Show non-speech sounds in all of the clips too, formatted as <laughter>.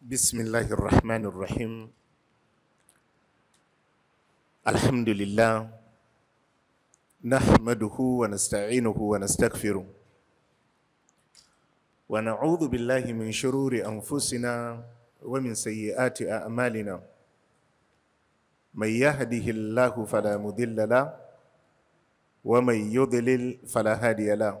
بسم الله الرحمن الرحيم الحمد لله نحمده ونستعينه ونستغفره ونعوذ بالله من شرور انفسنا ومن سيئات اعمالنا من يهده الله فلا مضل له ومن يضلل فلا هادي له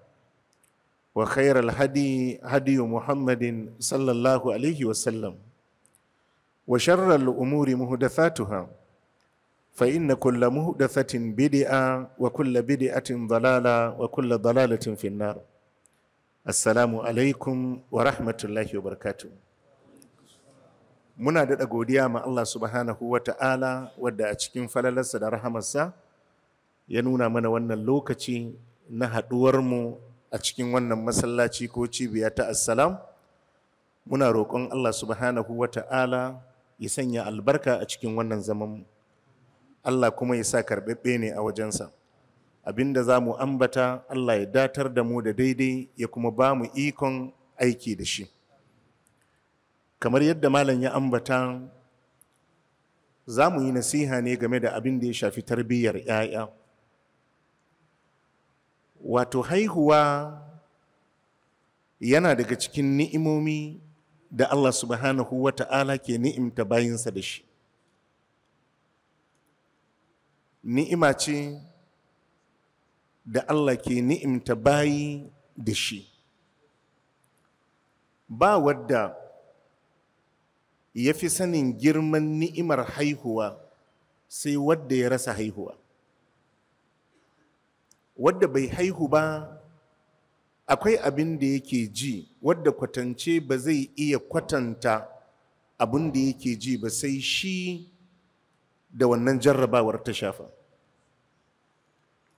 وخير الهدي هدي محمد صلى الله عليه وسلم وشر الأمور مهدثاتها فإن كل مهدثة بدعة وكل بدعة ضلالة وكل ضلالة في النار السلام عليكم ورحمة الله وبركاته muna daɗa godiya ma Allah subhanahu wa ta'ala wadda a cikin falalarsa da rahamarsa ya nuna mana wannan lokaci na haɗuwarmu a cikin wannan masallaci ko cibiya ta assalam muna roƙon Allah subhanahu wa ta'ala ya sanya albarka a cikin wannan zaman Allah kuma ya sa karɓaɓɓe ne a wajensa abinda za mu ambata Allah ya datar da mu da daidai ya kuma ba mu ikon aiki da shi kamar yadda malam ya ambata za mu yi nasiha ne game da abin da ya shafi tarbiyyar 'ya'ya wato haihuwa yana daga cikin ni'imomi da Allah subhanahu wa ta'ala ke ni'imta bayinsa da shi ni'ima ce da Allah ke ni'imta bayi da shi ba wadda ya fi sanin girman ni'imar haihuwa sai wadda ya rasa haihuwa wadda bai haihu ba akwai abin da yake ji wadda kwatance ba zai iya kwatanta abin da yake ji ba sai shi da wannan jarrabawar ta shafa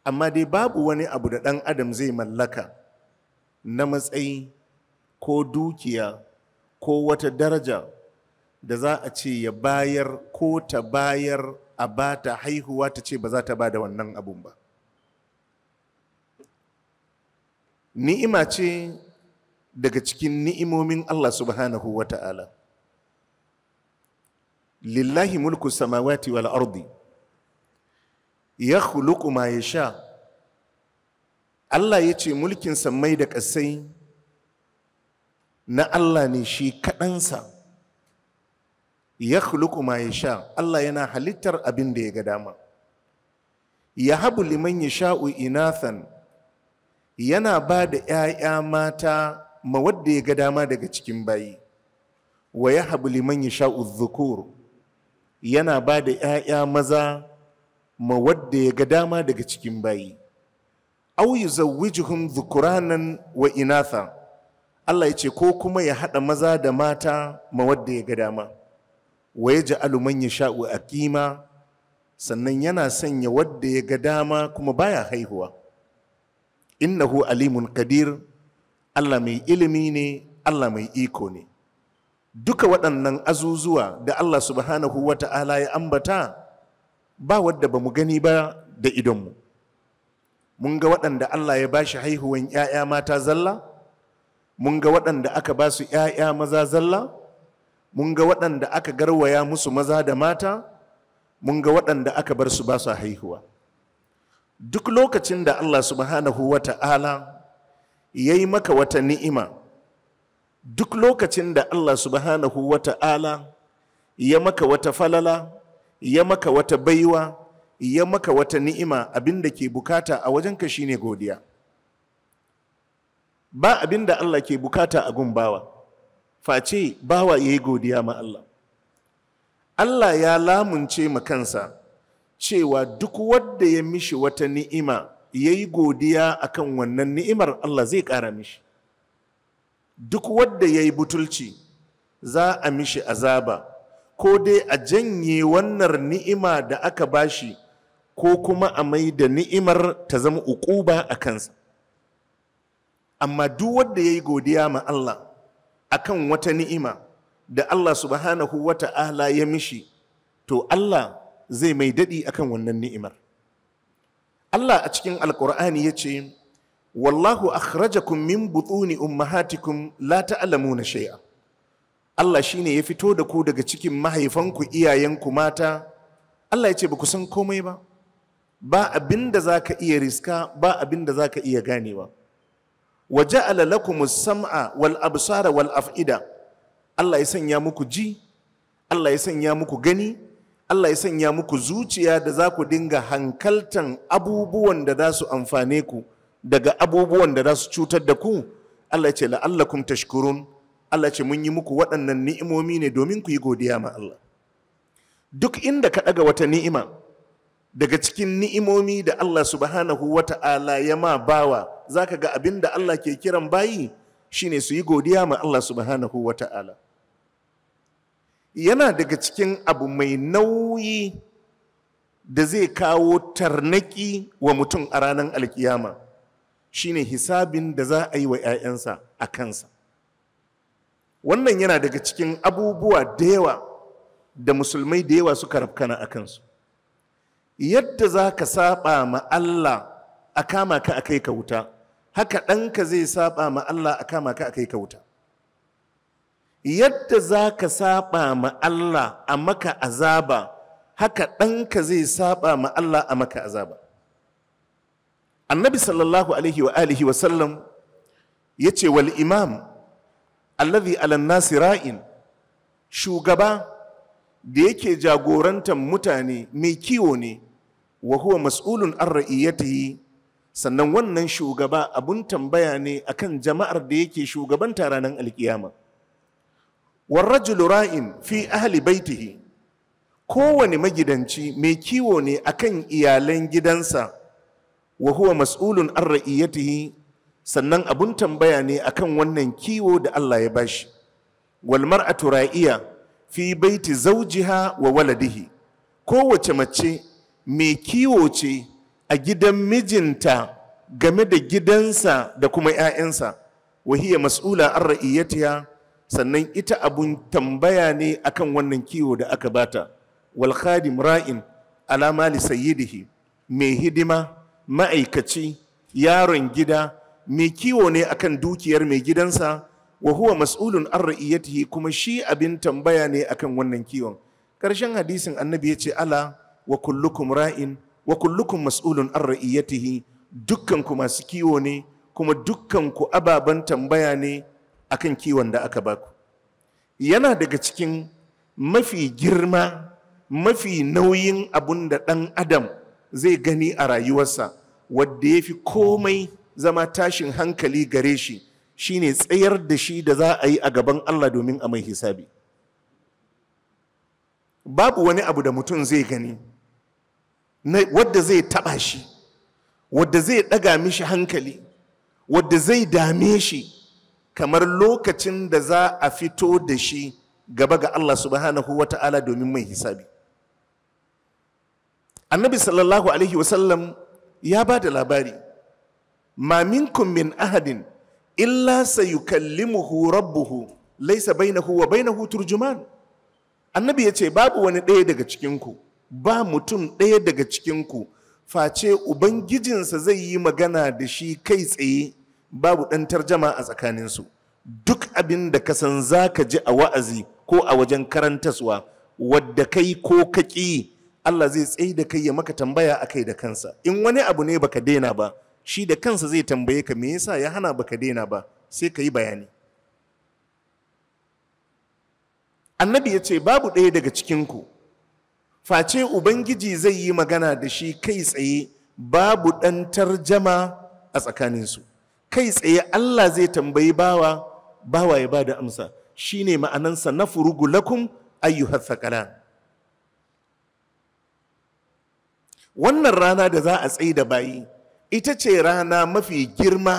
amma dai babu wani abu da ɗan adam zai mallaka na matsayi ko dukiya ko wata daraja da za a ce ya bayar ko ta bayar a ba ta haihuwa ta ce ba za ta ba da wannan abun ba ni'ima ce daga cikin ni'imomin Allah subhanahu wa ta'ala lillahi mulku samawati wal ardi ya khuluqu ma yasha Allah ya ce mulkin sammai da ƙasai na Allah ne shi kaɗansa ya khuluqu ma yasha Allah yana halittar abin da ya ga dama ya habu liman yasha'u inathan yana ba da ‘ya'ya mata ma wadda ya ga dama daga cikin bayi wa ya habu liman ya sha yana ba da ‘ya'ya maza ma wadda ya ga dama daga cikin bayi au yi zukuranan zukuranan wa inatha Allah ya ce ko kuma ya haɗa maza da mata ma wadda ya ga dama wa ya ji ya sha'u a kima. sannan yana sanya wadda ya ga dama kuma baya haihuwa innahu alimun kadir Allah mai ilimi ne Allah mai iko ne duka waɗannan azuzuwa da Allah subhanahu wa ta'ala ya ambata ba wadda ba mu gani ba da idonmu mun ga waɗanda Allah ya bashi haihuwan 'ya'ya mata zalla mun ga waɗanda aka ba su 'ya'ya maza zalla mun ga waɗanda aka garwaya musu maza da mata mun ga waɗanda aka bar su ba su haihuwa duk lokacin da Allah subhanahu wa ta'ala ya yi maka wata ni'ima duk lokacin da Allah subhanahu wa ta'ala ya maka wata falala ya maka wata baiwa ya maka wata ni'ima abin da ke bukata a wajenka shine godiya ba abin da Allah ke bukata a gun bawa face bawa ya yi godiya ma Allah Allah ya lamunce ma kansa cewa duk wadda ya mishi wata ni'ima ya yi godiya a kan wannan ni'imar Allah zai ƙara mishi duk wadda ya yi butulci za a mishi azaba ko dai a janye wannan ni'ima da aka bashi ko kuma a mai da ni'imar ta zama uquba a kansa amma duk wadda ya yi godiya ma Allah a kan wata ni'ima da Allah subhanahu wa ta'ala ya mishi to Allah zai mai daɗi akan wannan ni'imar Allah a cikin alkur'ani ya ce wallahu akhrajakum min butuni ummahatikum la ta'lamuna shay'a Allah shine ya fito da ku daga cikin mahaifanku iyayenku mata Allah ya ce ba ku san komai ba ba abinda da za ka iya riska ba abin da za ka iya ganewa wa ja'ala lakumus sam'a wal absara wal af'ida Allah ya sanya muku ji Allah ya sanya muku gani Allah ya sanya muku zuciya da za ku dinga hankaltan abubuwan da za su amfane ku daga abubuwan da za su cutar da ku Allah ya ce la'allakum tashkurun Allah ce mun yi muku waɗannan ni'imomi ne domin ku yi godiya ma Allah duk inda ka ɗaga wata ni'ima daga cikin ni'imomi da Allah subhanahu ta'ala ya ma bawa za ka ga abin da Allah ke kiran bayi shine su yi godiya ma Allah subhanahu ta'ala. yana daga cikin abu mai nauyi da zai kawo tarnaki wa mutum a ranar alkiyama shine hisabin da za a yi wa 'ya'yansa a kansa wannan yana daga cikin abubuwa da yawa da musulmai da yawa suka rafkana a kansu yadda za ka saba ma Allah a kama ka a kai ka wuta haka ɗanka zai saba ma Allah a kama ka a kai ka wuta yadda za ka saba ma Allah a maka azaba haka ɗanka zai saba ma Allah a maka azaba annabi sallallahu alaihi wa alihi wa sallam ya ce wal imam alladhi ala nasi ra'in shugaba da yake jagorantar mutane mai kiwo ne wa huwa mas'ulun an ra'iyatihi sannan wannan shugaba abun tambaya ne akan jama'ar da yake shugaban ranar alkiyama warrajulu ra'in fi ahli baitihi kowane magidanci mai kiwo ne akan iyalan gidansa wa huwa mas'ulun an ra'iyatihi sannan abun tambaya ne akan wannan kiwo da Allah ya bashi wal mar'atu ra'iya fi baiti zawjiha wa waladihi kowace mace mai kiwo ce a gidan mijinta game da gidansa da kuma 'ya'yansa wa hiya mas'ula an ra'iyatiha sannan ita abun tambaya ne akan wannan kiwo da aka bata wal khadim ra'in alama li sayyidihi mai hidima ma'aikaci yaron gida mai kiwo ne akan dukiyar mai gidansa wa huwa mas'ulun an ra'iyatihi kuma shi abin tambaya ne akan wannan kiwon karshen hadisin annabi ya ce ala wa kullukum ra'in wa kullukum mas'ulun an ra'iyatihi dukkan ku masu kiwo ne kuma dukkan ku ababen tambaya ne akan kiwon da aka baku yana daga cikin mafi girma mafi nauyin abun da ɗan adam zai gani a rayuwarsa wadda ya fi komai zama tashin hankali gare shi shine tsayar da shi da za a yi a gaban Allah domin a mai hisabi babu wani abu da mutum zai gani wadda zai taɓa shi wadda zai ɗaga mishi hankali wadda zai dame shi kamar lokacin da za a fito da shi gaba ga Allah subhanahu wa ta'ala domin mai hisabi annabi sallallahu alaihi wasallam ya ba da labari ma minkum min ahadin illa sayukallimuhu rabbuhu laisa bainahu wa bainahu turjuman annabi ya ce babu wani ɗaya daga cikinku ba mutum ɗaya daga cikinku face ubangijinsa zai yi magana da shi kai tsaye babu ɗan tarjama a tsakaninsu duk abin da ka san za ka ji a wa'azi ko a wajen karantaswa wadda kai ko ka ƙi Allah zai tsaye da kai ya maka tambaya a kai da kansa in wani abu ne baka daina ba shi da kansa zai tambaye ka me yasa ya hana baka daina ba sai ka yi bayani annabi ya ce babu ɗaya daga cikinku face ubangiji zai yi magana da shi kai tsaye babu ɗan tarjama a tsakaninsu kai tsaye Allah zai tambayi bawa bawa ya bada amsa shine ma'anansa na furugu lakum ayyuhat thaqalan wannan rana da za a tsaye da bayi ita ce rana mafi girma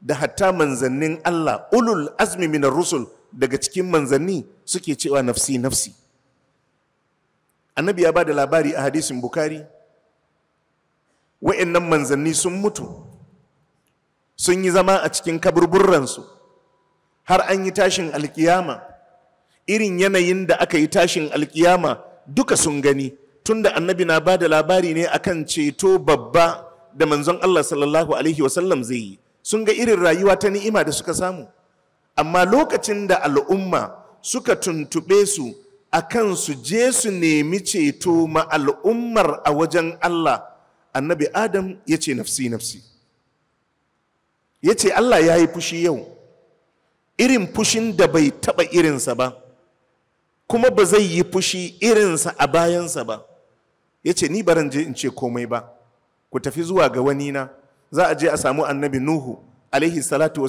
da hatta manzannin Allah ulul azmi minar rusul daga cikin manzanni suke cewa nafsi nafsi annabi ya ba da labari a hadisin bukari wa'annan manzanni sun mutu sun yi zama a cikin kaburburransu har an yi tashin alkiyama irin yanayin da aka yi tashin alkiyama duka sun gani tunda annabi na ba da labari ne akan ceto babba da manzon Allah sallallahu alaihi wasallam zai yi sun ga irin rayuwa ta ni'ima da suka samu amma lokacin da al'umma suka tuntuɓe su akan su je su nemi ceto ma al'ummar a wajen Allah annabi Adam ya ce nafsi nafsi ya ce Allah ya yi fushi yau irin fushin da bai taɓa irinsa ba kuma ba zai yi fushi irinsa a bayansa ba ya ce ni baran je in ce komai ba ku tafi zuwa ga wani na za a je a samu annabi nuhu alaihi salatu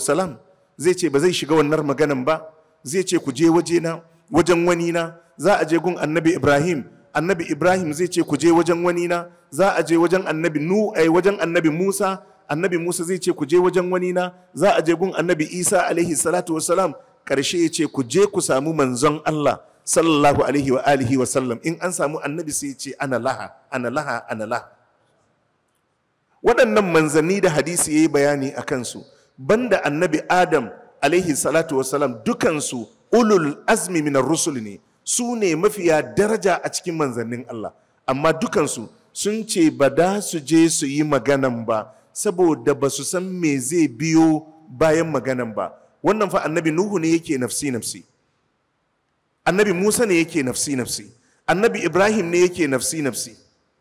zai ce ba zai shiga wannan maganan ba zai ce ku je waje na wajen wani na za a je gun annabi ibrahim annabi ibrahim zai ce ku je wajen wani na za a je wajen annabi nu ai eh, wajen annabi musa annabi musa zai ce ku je wajen wani na za a je gun annabi isa alaihi salatu wa salam karshe ya ce ku je ku samu manzon allah sallallahu alaihi wa alihi wa sallam in an samu annabi sai ce ana laha ana laha ana laha waɗannan manzanni da hadisi ya yi bayani a kansu banda annabi adam alaihi salatu wa salam dukansu ulul azmi minar rusul ne su ne mafiya daraja a cikin manzannin allah amma dukansu sun ce ba da su je su yi maganan ba saboda ba su san me zai biyo bayan maganan ba wannan fa annabi nuhu ne yake nafsi nafsi annabi musa ne yake nafsi nafsi annabi ibrahim ne yake nafsi nafsi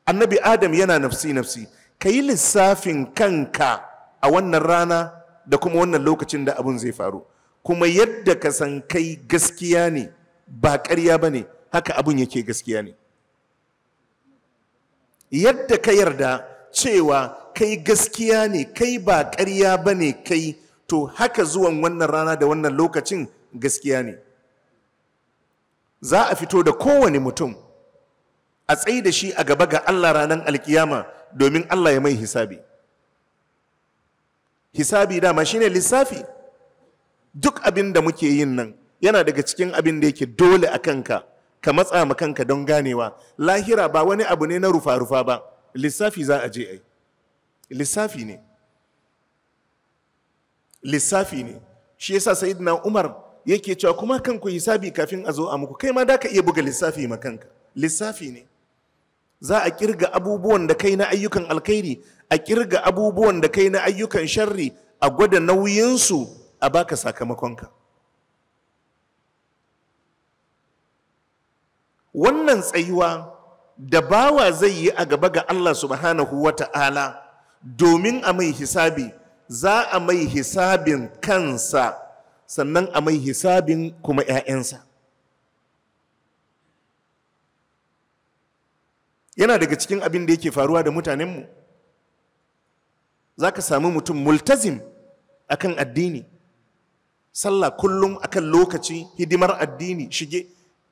annabi adam yana nafsi nafsi ka yi lissafin kanka a wannan rana da kuma wannan lokacin da abun zai faru kuma yadda ka san kai gaskiya ne ba ƙarya ba ne haka abin yake gaskiya ne yadda ka yarda cewa kai gaskiya ne kai ba ƙarya ba ne kai to haka zuwan wannan rana da wannan lokacin gaskiya ne za a fito da kowane mutum a tsaye da shi a gaba ga Allah ranar alkiyama domin Allah ya mai hisabi hisabi dama shine lissafi duk abin da muke yin nan yana daga cikin abin da yake dole a kanka ka matsa ma kanka don ganewa lahira ba wani abu ne na rufa-rufa ba lissafi za a je ai lissafi ne lissafi ne shi yasa sayyidina umar yake cewa kuma kanku hisabi kafin a zo a muku kai ma da ka iya buga lissafi ma kanka lissafi ne za a kirga abubuwan da kai na ayyukan alkhairi a kirga abubuwan da kai na ayyukan sharri a gwada nauyinsu a baka sakamakon ka. wannan tsayuwa da bawa zai yi a gaba ga Allah subhanahu wa domin a mai hisabi za a mai hisabin kansa sannan a mai hisabin kuma 'ya'yansa yana daga cikin abin da yake faruwa da mutanenmu za ka sami mutum multazim akan addini sallah kullum akan lokaci hidimar addini shige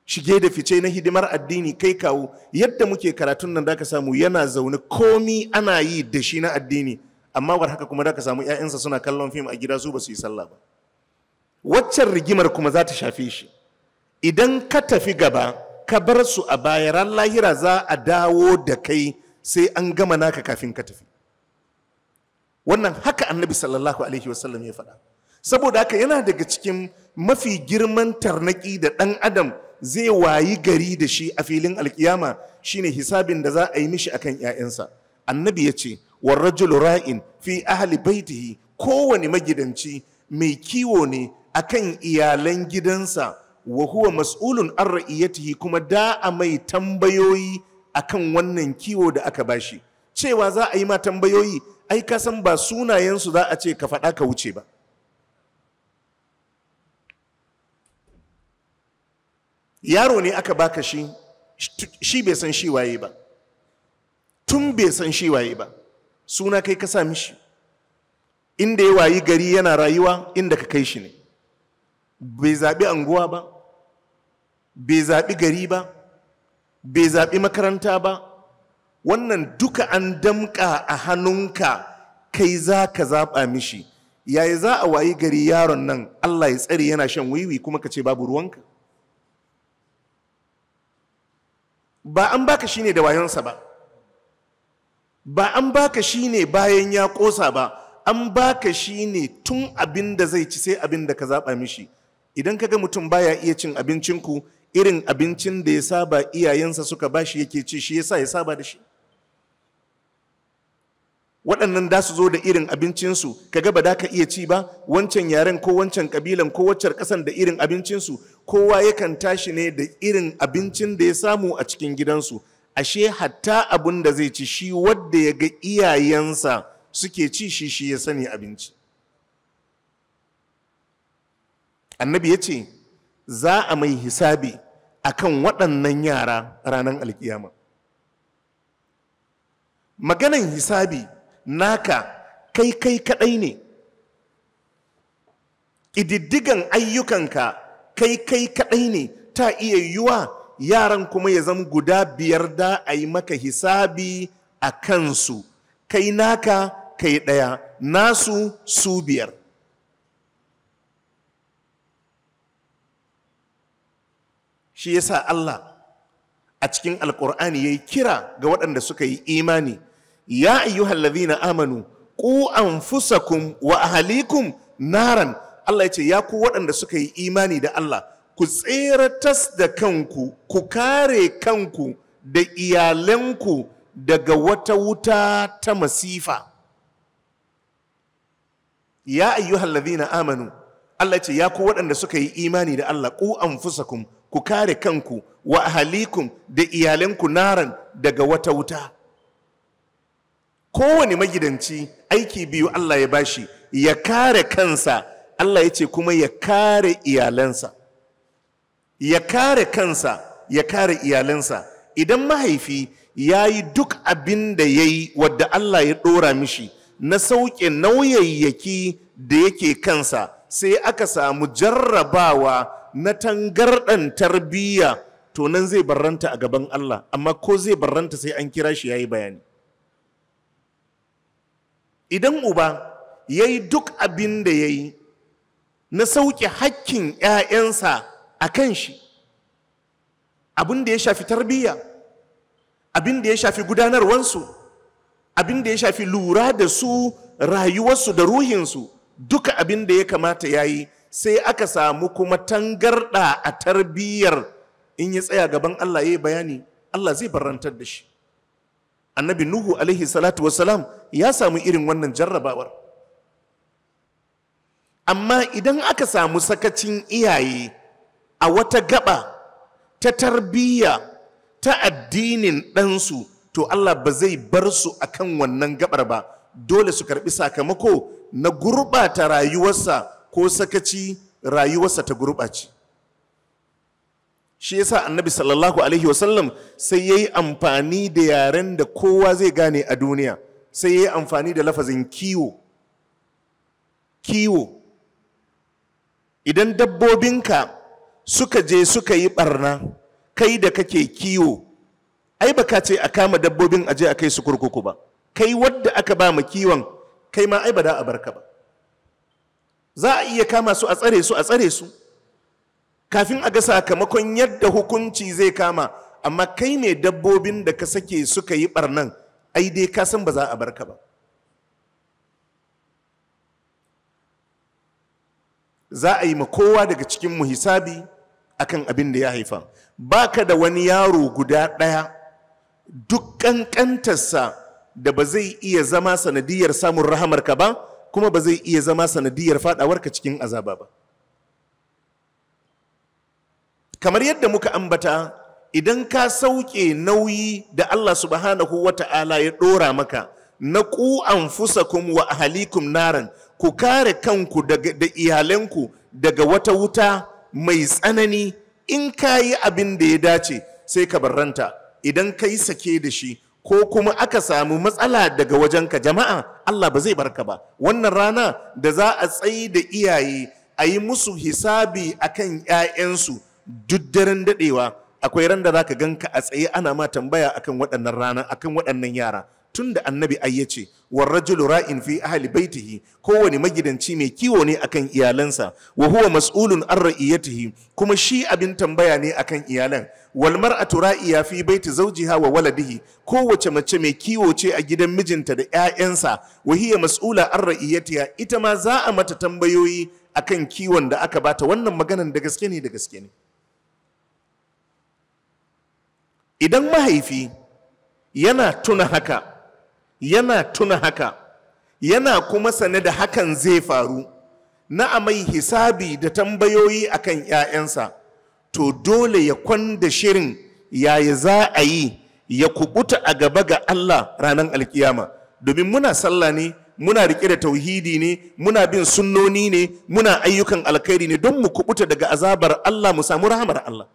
shige da fice na hidimar addini kai kawo yadda muke karatun nan da zaka samu yana zaune komi ana yi da shi na addini amma war haka kuma da zaka samu 'ya'yansa suna kallon fim a gida su ba su yi sallah ba waccan rigimar kuma za ta shafe shi idan ka tafi gaba ka bar su a baya ran lahira za a dawo da kai sai an gama naka kafin ka tafi wannan haka annabi sallallahu alaihi wasallam ya faɗa saboda haka yana daga cikin mafi girman tarnaki da ɗan adam zai wayi gari da shi a filin alkiyama shine hisabin da za a yi mishi akan 'ya'yansa annabi ya ce warrajul ra'in fi ahli baitihi kowane magidanci mai kiwo ne akan iyalan gidansa wa huwa mas'ulun an ra'iyatihi kuma da a mai tambayoyi akan wannan kiwo da aka bashi cewa za a yi ma tambayoyi ai ka san ba sunayensu za a ce ka faɗa ka wuce ba yaro ne aka baka shi shi bai san shi waye ba tun bai san shi waye ba suna kai ka sa mishi inda ya wayi gari yana rayuwa inda ka kai shi ne bai zaɓi anguwa ba bai zaɓi gari ba bai zaɓi makaranta ba wannan duka an damƙa a hannunka kai za ka zaɓa mishi yaya za a wayi gari yaron nan allah ya tsare yana shan wiwi kuma ka ce babu ruwanka ba an baka shine da wayonsa ba ba an baka shine bayan ya kosa ba an baka shine tun abin da zai ci sai abin da ka zaba mishi idan kaga mutum baya iya cin abincinku irin abincin da ya saba iyayensa suka bashi yake ci shi yasa ya saba da shi waɗannan da su zo da irin abincinsu kaga ba da ka iya ci ba wancan yaren ko wancan kabilan ko waccar ƙasan da irin abincinsu kowa yakan tashi ne da irin abincin da ya samu a cikin gidansu ashe hatta abin da zai ci shi wadda ya ga iyayensa suke ci shi shi ya sani abinci annabi ya ce za a mai hisabi akan waɗannan yara ranar alkiyama maganan hisabi naka kai kai kaɗai ne ƙididdigan ayyukanka kai kai kaɗai ne ta iya yiwuwa yaran kuma ya zama guda biyar da a yi maka hisabi a kansu kai naka kai ɗaya nasu su biyar shi yasa Allah a cikin Alƙur'ani ya yi kira ga waɗanda suka yi imani ya ayyuhallazina amanu ku anfusakum wa ahalikum naran Allah ya ce ya ku waɗanda suka yi imani da Allah ku tseratas da kanku ku kare kanku da iyalanku daga wata wuta ta masifa ya ayyuhallazina amanu Allah ce ya ku waɗanda suka yi imani da Allah ku anfusakum ku kare kanku wa ahalikum da iyalanku naran daga wata wuta kowane magidanci aiki biyu Allah ya bashi ya kare kansa Allah ya ce kuma ya kare iyalansa ya kare kansa ya kare iyalansa idan mahaifi ya yi duk abin da ya yi wadda Allah ya ɗora mishi na sauke nauyayyaki da yake kansa sai aka samu jarrabawa na tangarɗan tarbiyya to nan zai barranta a gaban Allah amma ko zai barranta sai an kira shi ya yi bayani idan uba ya yi duk abin da ya yi na sauƙi hakkin 'ya'yansa a kan shi abin da ya shafi tarbiyya abin da ya shafi gudanarwansu abin da ya shafi lura da su rayuwarsu da ruhinsu duka abin da ya kamata ya yi sai aka samu kuma tangarɗa a tarbiyyar in ya tsaya gaban Allah ya yi bayani Allah zai barantar da shi annabi nuhu alaihi salatu wasalam ya samu irin wannan jarrabawar amma idan aka samu sakacin iyaye a wata gaba ta tarbiyya ta addinin ɗansu to Allah ba zai bar su a kan wannan gabar ba dole su karɓi sakamako na gurɓata rayuwarsa ko sakaci rayuwarsa ta gurɓace shi yasa annabi sallallahu alaihi wasallam sai ya yi amfani da yaren da kowa zai gane a duniya sai ya yi amfani da lafazin kiwo kiwo idan dabbobinka suka je suka yi barna kai da kake kiwo ai baka ce a kama dabbobin a je a kai su kurkuku ba kai wadda aka ba mu kiwon kai ma ai ba da a barka ba za a iya kama su a tsare su a tsare su kafin a ga sakamakon yadda hukunci zai kama amma kai ne dabbobin da ka sake suka yi barnan ai dai ka san ba za a barka ba za a yi ma kowa daga cikin mu hisabi akan abin da ya haifa Ba ka da wani yaro guda ɗaya duk ƙanƙantarsa da ba zai iya zama sanadiyar samun rahamarka ba kuma ba zai iya zama sanadiyar faɗawarka cikin azaba ba kamar yadda muka ambata idan ka sauke nauyi da Allah subhanahu wa ta'ala ya ɗora maka na ku kuma wa ahalikum naran ku kare kanku da iyalanku daga wata wuta mai tsanani in ka yi abin da ya dace sai ka barranta idan ka yi sake da shi ko kuma aka samu matsala daga wajenka jama'a Allah ba zai barka ba wannan rana da za a tsayi da iyaye a yi musu hisabi akan 'ya'yansu duk daren daɗewa akwai randa da za ka ganka a tsaye ana ma tambaya akan waɗannan rana akan waɗannan yara tun da annabi ayya ce, war rajulu ra'in fi ahli baitihi kowane magidanci mai kiwo ne akan iyalansa wa huwa mas'ulun an ra'iyatihi kuma shi abin tambaya ne akan iyalan wal mar'atu ra'iya fi baiti zawjiha wa waladihi kowace mace mai kiwo ce a gidan mijinta da 'ya'yansa wa hiya mas'ula an ra'iyatiha ita ma za a mata tambayoyi akan kiwon da aka bata wannan maganan da gaske ne da gaske ne idan mahaifi yana tuna haka yana tuna haka yana kuma sane da hakan zai faru na amai hisabi da tambayoyi akan 'ya'yansa to dole ya kwanda shirin yaya za a yi ya kubuta a gaba ga Allah ranar alkiyama domin muna sallah ne muna riƙe da tauhidi ne muna bin sunnoni ne muna ayyukan alkhairi ne don mu kubuta daga azabar Allah mu samu rahamar Allah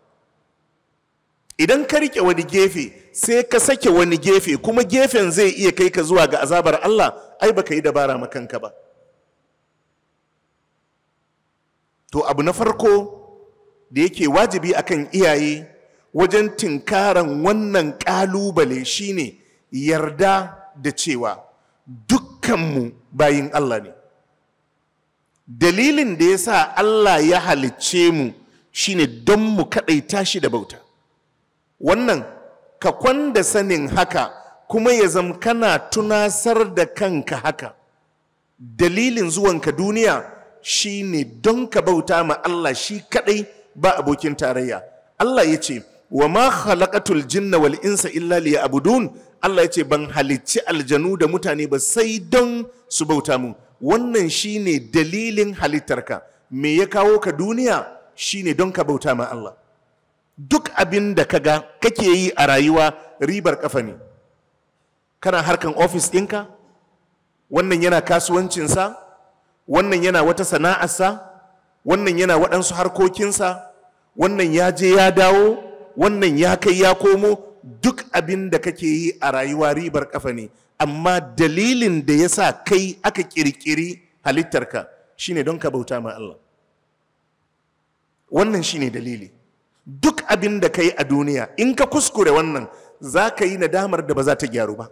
idan ka rike wani gefe sai ka sake wani gefe kuma gefen zai iya kai ka zuwa ga azabar Allah ai baka yi dabara makanka ba to abu na farko da yake wajibi akan iyaye wajen tinkaran wannan ƙalubale shine yarda da cewa dukkanmu bayin Allah ne dalilin da ya sa Allah ya halicce mu shine don mu kaɗaita shi da bauta wannan ka kwanda sanin haka kuma ya zama kana tunasar da kanka haka dalilin zuwanka duniya shi ne don ka bauta ma Allah shi kadai ba abokin tarayya Allah ya ce wa ma khalaqatul jinna wal insa illa liya'budun Allah ya ce ban halicci aljanu da mutane ba sai don su bauta mu wannan shi ne dalilin halittarka me ya kawo ka duniya Shi ne don ka bauta ma Allah duk abin da ka ga kake yi a rayuwa ribar kafa ne kana harkan ofis ɗinka wannan yana kasuwancinsa wannan yana wata sana'arsa wannan yana waɗansu harkokinsa wannan ya je ya dawo wannan ya kai ya komo duk abin da kake yi a rayuwa ribar kafa ne amma dalilin da ya sa kai aka kirkiri halittarka shine don ka bauta ma Allah wannan shine dalili duk abin da ka yi a duniya in ka kuskure wannan za ka yi nadamar da ba za ta gyaru ba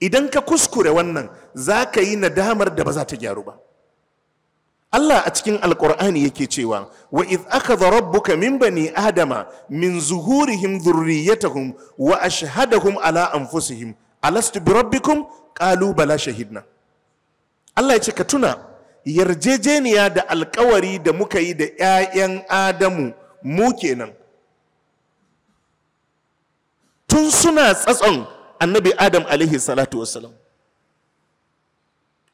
idan ka kuskure wannan za ka yi nadamar da ba za ta gyaru ba Allah a cikin alkur'ani yake cewa wa iz akhadha rabbuka min bani adama min zuhurihim dhurriyyatahum wa ashhadahum ala anfusihim alastu bi rabbikum qalu bala shahidna Allah ya ce ka tuna yarjejeniya da alkawari da muka yi da 'ya'yan adamu mu kenan tun suna tsatson annabi adam alaihi salatu wasalam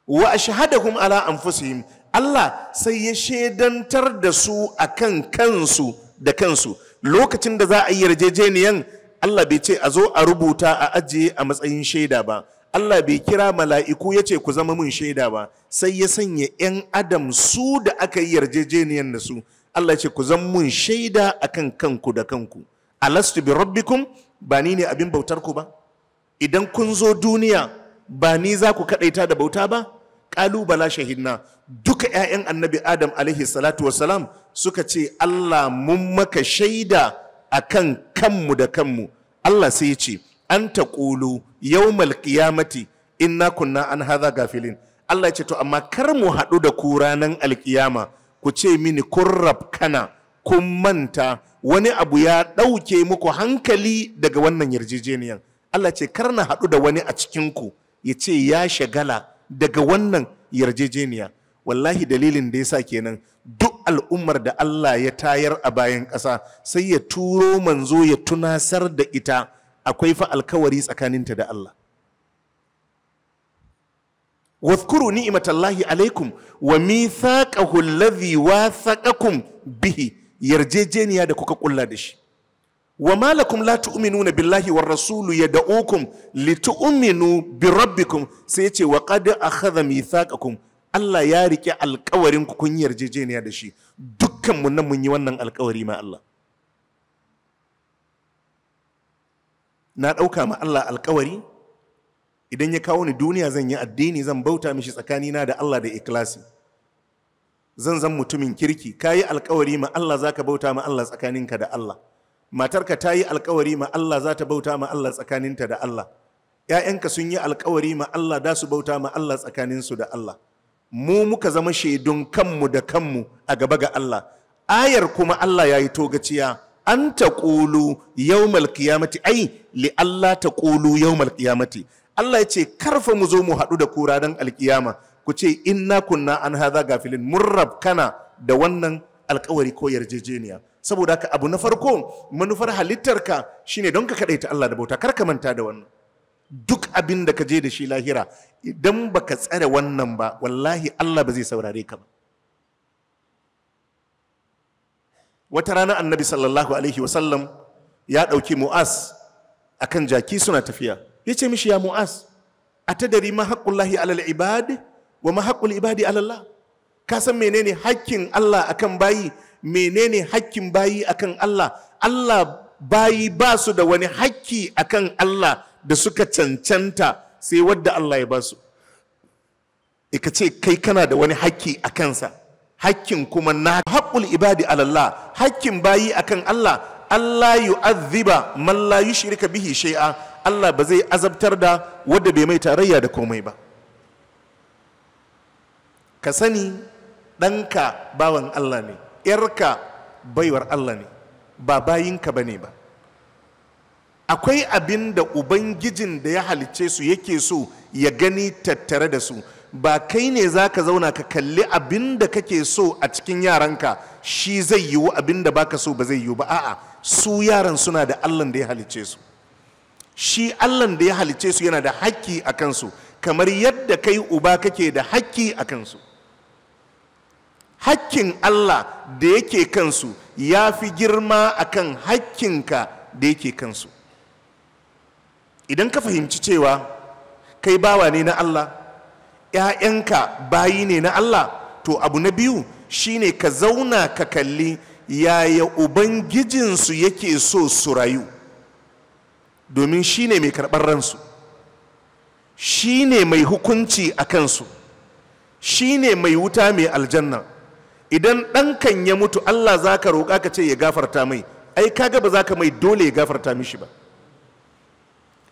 wa ashhadahum ala anfusihim Allah sai ya shaidantar da su a kan kansu da kansu lokacin da za a yi yarjejeniyan Allah bai ce a zo a rubuta a ajiye a matsayin shaida ba Allah bai kira mala'iku ya ce ku zama mun shaida ba sai ya sanya 'yan adam su da aka yi yarjejeniyar da su Allah ce ku zama mun shaida akan kanku da kanku alastu bi rabbikum ba ni ne abin bautar ku ba idan kun zo duniya ba ni za ku kaɗaita da bauta ba kalubala shahidna duka 'ya'yan annabi adam alaihi salatu suka ce Allah mun maka shaida akan kanmu da kanmu Allah sai ya ce an ƙulu yawmal in inna kunna an haza gafilin Allah ya ce to amma kar mu haɗu da ku ranar alkiyama ku ce mini kun rabkana kun manta wani abu ya ɗauke muku hankali daga wannan yarjejeniyan Allah ce kar na haɗu da wani a cikinku ya ce ya shagala daga wannan yarjejeniya wallahi dalilin da yasa kenan duk al'ummar da Allah ya tayar a bayan ƙasa sai ya turo manzo ya tunasar da ita akwai fa alkawari tsakaninta da Allah واذكروا ni'matallahi alaikum wa وميثاقه الذي واثقكم به yarjejeniya da kuka kulla da shi wa malakum la tu'minuna billahi war rasulu yad'ukum litu'minu bi rabbikum sai yace wa qad akhadha mithaqakum Allah ya rike alkawarin ku kun yarjejeniya da shi dukkan mun nan mun yi wannan alkawari ma Allah na ɗauka ma Allah alƙawari? idan ya kawo ni duniya zan yi addini zan bauta mishi tsakanina da Allah da ikilasi zan zan mutumin kirki ka yi alƙawari ma Allah za ka bauta ma Allah tsakaninka da Allah matarka ta yi alƙawari ma Allah za ta bauta ma Allah tsakaninta da Allah ‘ya'yanka sun yi alƙawari ma Allah da su bauta ma Allah tsakaninsu da Allah mu muka zama shaidun kanmu da kanmu a gaba ga Allah ayar kuma Allah ya yi togaciya an ƙulu yau malkiyamati ai li Allah ƙulu yau malkiyamati Allah ya ce karfa mu zo mu haɗu da kura don alkiyama ku ce inna kunna an haza gafilin mun rabkana da wannan alkawari ko yarjejeniya saboda ka abu na farko manufar halittarka shine don ka kaɗaita Allah da bauta kar ka manta da wannan duk abin da ka je da shi lahira idan baka tsare wannan ba wallahi Allah ba zai saurare ka ba wata rana annabi sallallahu alaihi wasallam ya ɗauki mu'az a kan jaki suna tafiya ya ce mishi ya mu'az a ta dari ma alal ibad wa ma ibadi alallah ka san menene hakkin Allah akan bayi menene hakkin bayi akan Allah Allah bayi ba su da wani hakki akan Allah da suka cancanta sai wadda Allah ya ba su e ka ce kai kana da wani hakki a kansa hakkin kuma na haƙul ibadi alallah hakkin bayi akan Allah Allah yu'adhiba man la yushrika bihi shai'a Allah ba zai azabtar da wadda bai mai tarayya da komai ba ka sani ɗanka bawan Allah ne ‘yarka baiwar Allah ne ba bayinka ba ne ba akwai abin da ubangijin da ya halicce su yake so ya gani tattare da su ba kai ne za ka zauna ka kalli abin da kake so a cikin yaranka shi zai yiwu abin da baka so ba zai yiwu ba a'a su yaran suna da allan da ya halicce su shi allan da ya halicce su yana da hakki a kansu kamar yadda kai uba kake da hakki a kansu hakkin allah da yake kansu ya fi girma a kan hakkinka da yake kansu idan ka fahimci cewa kai bawa ne na allah 'ya'yanka bayi ne na Allah to abu na biyu shine ka zauna ka kalli yaya ubangijinsu yake so su rayu domin shine mai karɓar ransu shine mai hukunci a kansu shine mai wuta mai aljanna idan ɗankan ya mutu Allah za ka roƙa ka ce ya gafarta mai ai kaga ba za ka mai dole ya gafarta mishi ba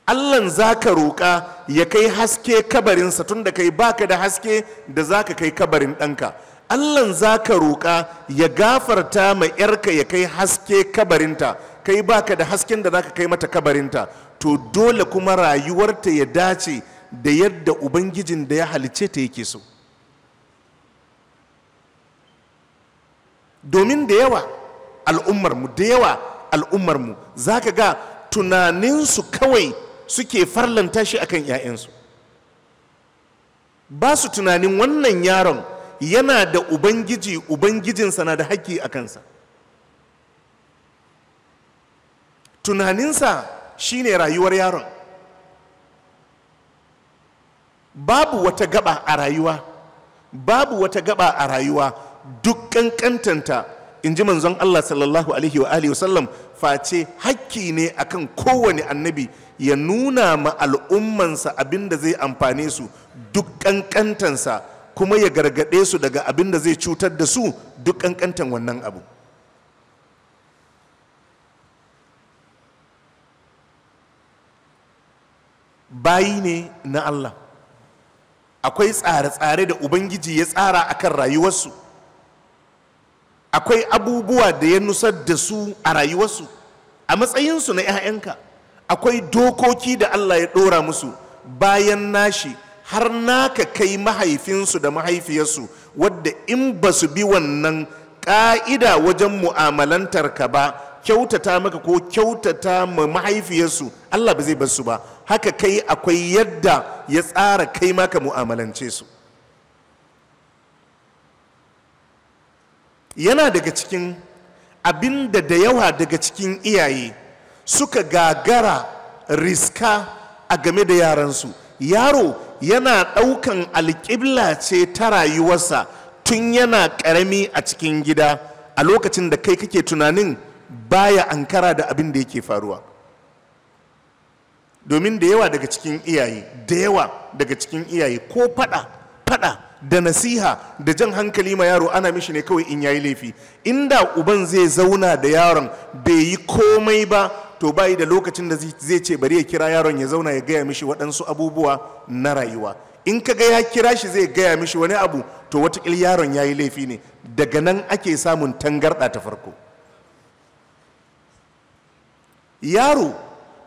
allan za ka roƙa ya kai haske kabarinsa tun da kai baka da haske da za ka kai kabarin ɗanka allan za ka roƙa ya gafarta ma 'yarka ya kai haske kabarinta kai baka da hasken da za ka kai mata kabarinta to dole kuma rayuwarta ya dace da yadda ubangijin da ya halice ta yake so domin da yawa al'ummarmu da yawa al'ummarmu za ka ga tunaninsu kawai suke farlanta shi akan 'ya'yansu ba su tunanin wannan yaron yana da ubangiji ubangijinsa na da haƙƙi a kansa tunaninsa shine rayuwar yaron babu wata gaba a rayuwa babu wata gaba a rayuwa duk kankantanta in ji manzon Allah sallallahu alaihi wa sallam, face hakki ne akan kowane annabi ya nuna ma al'ummansa abin da zai amfane su duk ƙanƙantansa kuma ya gargaɗe su daga abin da zai cutar da su duk ƙanƙantan wannan abu bayi ne na Allah akwai tsare-tsare da ubangiji ya tsara akan rayuwarsu akwai abubuwa da ya nusar da su a rayuwarsu a matsayinsu na 'ya'yanka akwai dokoki da Allah ya ɗora musu bayan nashi har naka kai mahaifinsu da mahaifiyarsu wadda in ba su bi wannan ƙa'ida wajen mu'amalantar ka ba kyautata maka ko kyautata ma mahaifiyarsu Allah ba zai bar su ba haka kai akwai yadda ya tsara kai maka mu'amalance su yana daga cikin abin da yawa daga cikin iyaye suka gagara riska a game da yaransu yaro yana ɗaukan alƙibla ce ta rayuwarsa tun yana ƙarami a cikin gida a lokacin da kai kake tunanin baya ankara da abin da yake faruwa domin da yawa daga cikin iyaye da yawa daga cikin iyaye ko fada fada da nasiha da jan hankali ma yaro ana mishi ne kawai in yayi laifi inda uban zai zauna da yaron bai yi komai ba to bayi da lokacin da zai ce bari ya kira yaron ya zauna ya gaya mishi waɗansu abubuwa na rayuwa in ka ga ya kira shi zai gaya mishi wani abu to watakil yaron ya yi laifi ne daga nan ake samun tangarɗa ta farko yaro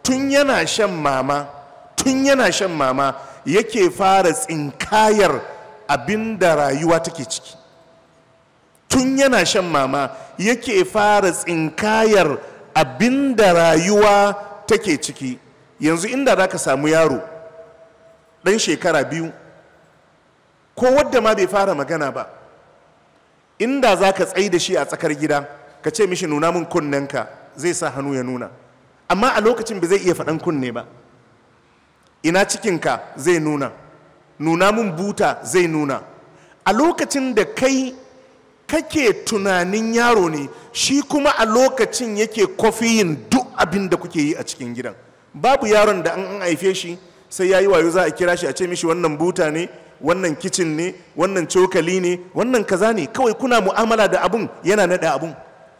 tun yana shan mama tun yana shan mama yake fara tsinkayar abin da rayuwa take ciki tun yana shan mama yake fara tsinkayar abinda rayuwa take ciki yanzu inda za ka samu yaro ɗan shekara biyu ko wadda ma bai fara magana ba inda za ka tsaye da shi a tsakar gida ka ce mishi nuna min kunnenka zai sa hannu ya nuna amma a lokacin ba zai iya faɗan kunne ba ina cikinka zai nuna nuna min buta zai nuna a lokacin da kai kake tunanin yaro ne shi kuma a lokacin yake kofiyin duk abin da kuke yi a cikin gidan babu yaron da an haife shi sai ya yi wayo za a kira shi a ce mishi wannan buta ne wannan kicin ne wannan cokali ne wannan kaza ne kawai kuna mu'amala da abun yana naɗa abun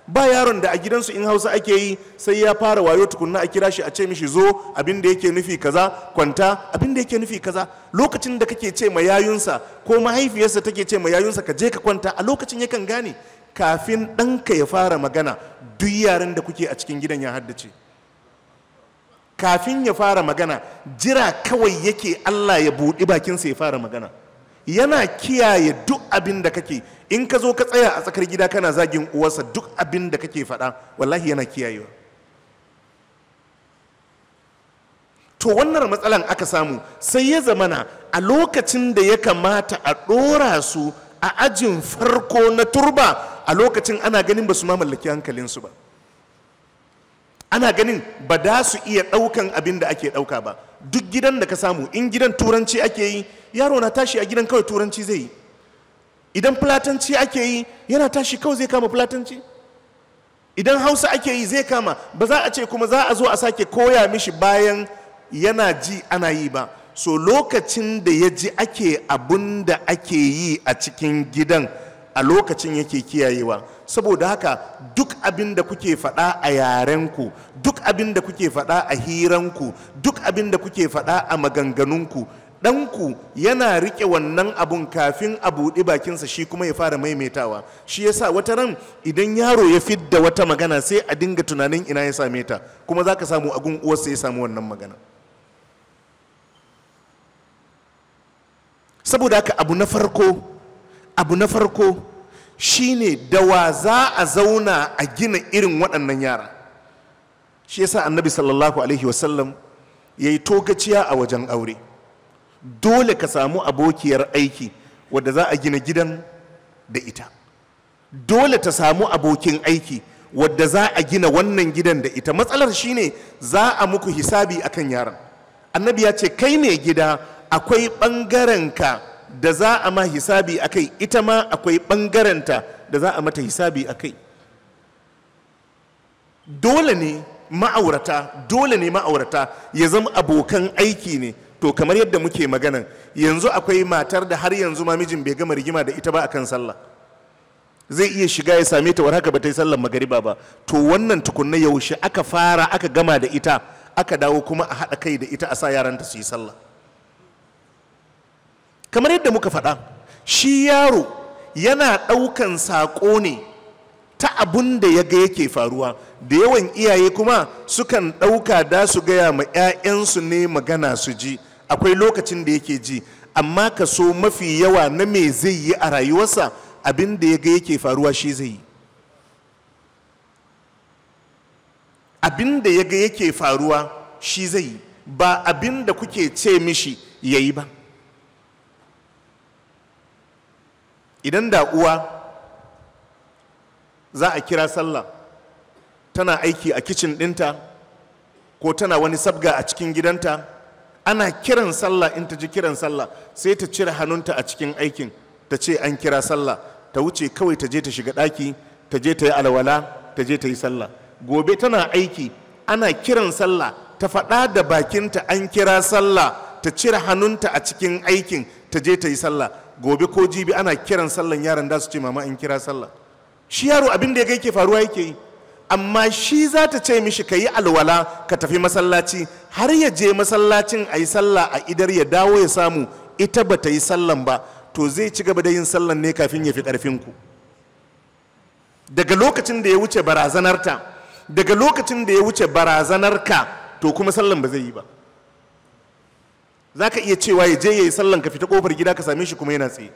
ba yaron da a gidansu in hausa ake yi sai ya fara wayo tukunna a kira shi a ce mishi zo abin da yake nufi kaza kwanta abin da yake nufi kaza lokacin da kake ce ma yayunsa ko mahaifiyarsa take ce ma yayunsa ka je ka kwanta a lokacin yakan gane kafin ɗanka ya fara magana duk yaran da kuke a cikin gidan ya haddace kafin ya fara magana jira kawai yake allah ya buɗi bakinsa ya fara magana yana kiyaye duk abin da kake in ka zo ka tsaya a tsakar gida kana zagin uwarsa duk abin da kake faɗa wallahi yana kiyayewa to wannan matsalan aka samu sai ya zamana a lokacin da ya kamata a ɗora su a ajin farko na turba a lokacin ana ganin ba su ma mallaki hankalinsu ba ana ganin ba da su iya ɗaukan abin da ake ɗauka ba duk gidan da ka samu in gidan turanci ake yi yaro na tashi a gidan kawai turanci zai yi idan fulatanci ake yi yana tashi kawai zai kama fulatanci idan hausa ake yi zai kama ba za a ce kuma za a zo a sake koya mishi bayan yana ji ana yi ba so lokacin da ya ji ake abun da ake yi a cikin gidan a lokacin yake kiyayewa saboda haka duk abin da kuke faɗa a yarenku duk abin da kuke faɗa a hiranku duk abin da kuke faɗa a maganganunku ɗanku yana riƙe wannan abun kafin a buɗi bakinsa shi kuma ya fara maimaitawa shi ya sa wata ran idan yaro ya fidda wata magana sai a dinga tunanin ina ya same ta kuma za ka samu agun uwarsa ya samu wannan magana saboda haka abu na farko abu na farko shine da wa za a zauna a gina irin waɗannan yara shi yasa annabi sallallahu alaihi wasallam ya yi togaciya a wajen aure dole ka samu abokiyar aiki wadda za a gina gidan da ita dole ta samu abokin aiki wadda za a gina wannan gidan da ita matsalar shine za a muku hisabi akan yaran annabi ya ce kai ne gida akwai ɓangaren ka da za a ma hisabi a kai ita ma akwai ɓangaranta da za a mata hisabi a kai dole ne ma'aurata dole ne ma'aurata ya zama abokan aiki ne to kamar yadda muke maganan yanzu akwai matar da har yanzu ma mijin bai gama rigima da ita ba akan sallah zai iya shiga ya same ta war haka ba ta yi sallar magariba ba to wannan tukunna yaushe aka fara aka gama da ita aka dawo kuma a haɗa kai da ita a sa yaranta su yi sallah kamar yadda muka faɗa shi yaro yana ɗaukan saƙo ne ta abun da ya ga yake faruwa da yawan iyaye kuma sukan ɗauka da su gaya ma 'ya'yansu ne magana su ji akwai lokacin da yake ji amma kaso mafi yawa na me zai yi a rayuwarsa abin da ya ga yake faruwa shi zai yi abin da ya ga yake faruwa shi zai yi ba abin da kuke ce mishi ya yi ba idan da uwa za a kira sallah tana aiki a kicin ɗinta ko tana wani sabga a cikin gidanta ana kiran sallah in ta ji kiran sallah sai ta cire hannunta a cikin aikin ta ce an kira sallah ta wuce kawai ta je ta shiga ɗaki ta je ta yi alwala ta je ta yi sallah gobe tana aiki ana kiran sallah ta faɗa da bakinta an kira sallah ta cire hannunta a cikin aikin ta je ta yi sallah gobe ko jibi ana kiran sallan yaran da su ce mama in kira sallah shi yaro abin da ya yake faruwa yake yi amma shi za ta ce mishi ka yi alwala ka tafi masallaci har ya je masallacin a yi sallah a idar ya dawo ya samu ita ba ta yi sallan ba to zai ci gaba da yin sallan ne kafin ya fi ku daga lokacin da ya wuce barazanarta daga lokacin da ya wuce barazanarka to kuma sallan ba zai yi ba za ka iya cewa ya je ya yi sallan ka fita kofar gida ka same shi kuma yana tsaye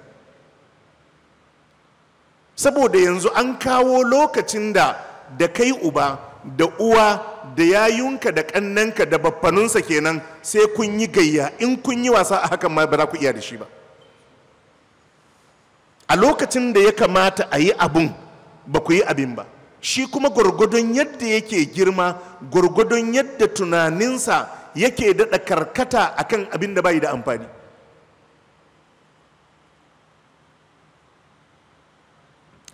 saboda yanzu an kawo lokacin da da kai uba da uwa da yayunka da kannanka da baffanunsa kenan sai kun yi gayya in kun yi wasa a hakan ma ba za ku iya da shi ba a lokacin da ya kamata a yi abun ba ku yi abin ba shi kuma gwargwadon yadda yake girma gwargwadon yadda tunaninsa yake daɗa karkata akan abin da bai da amfani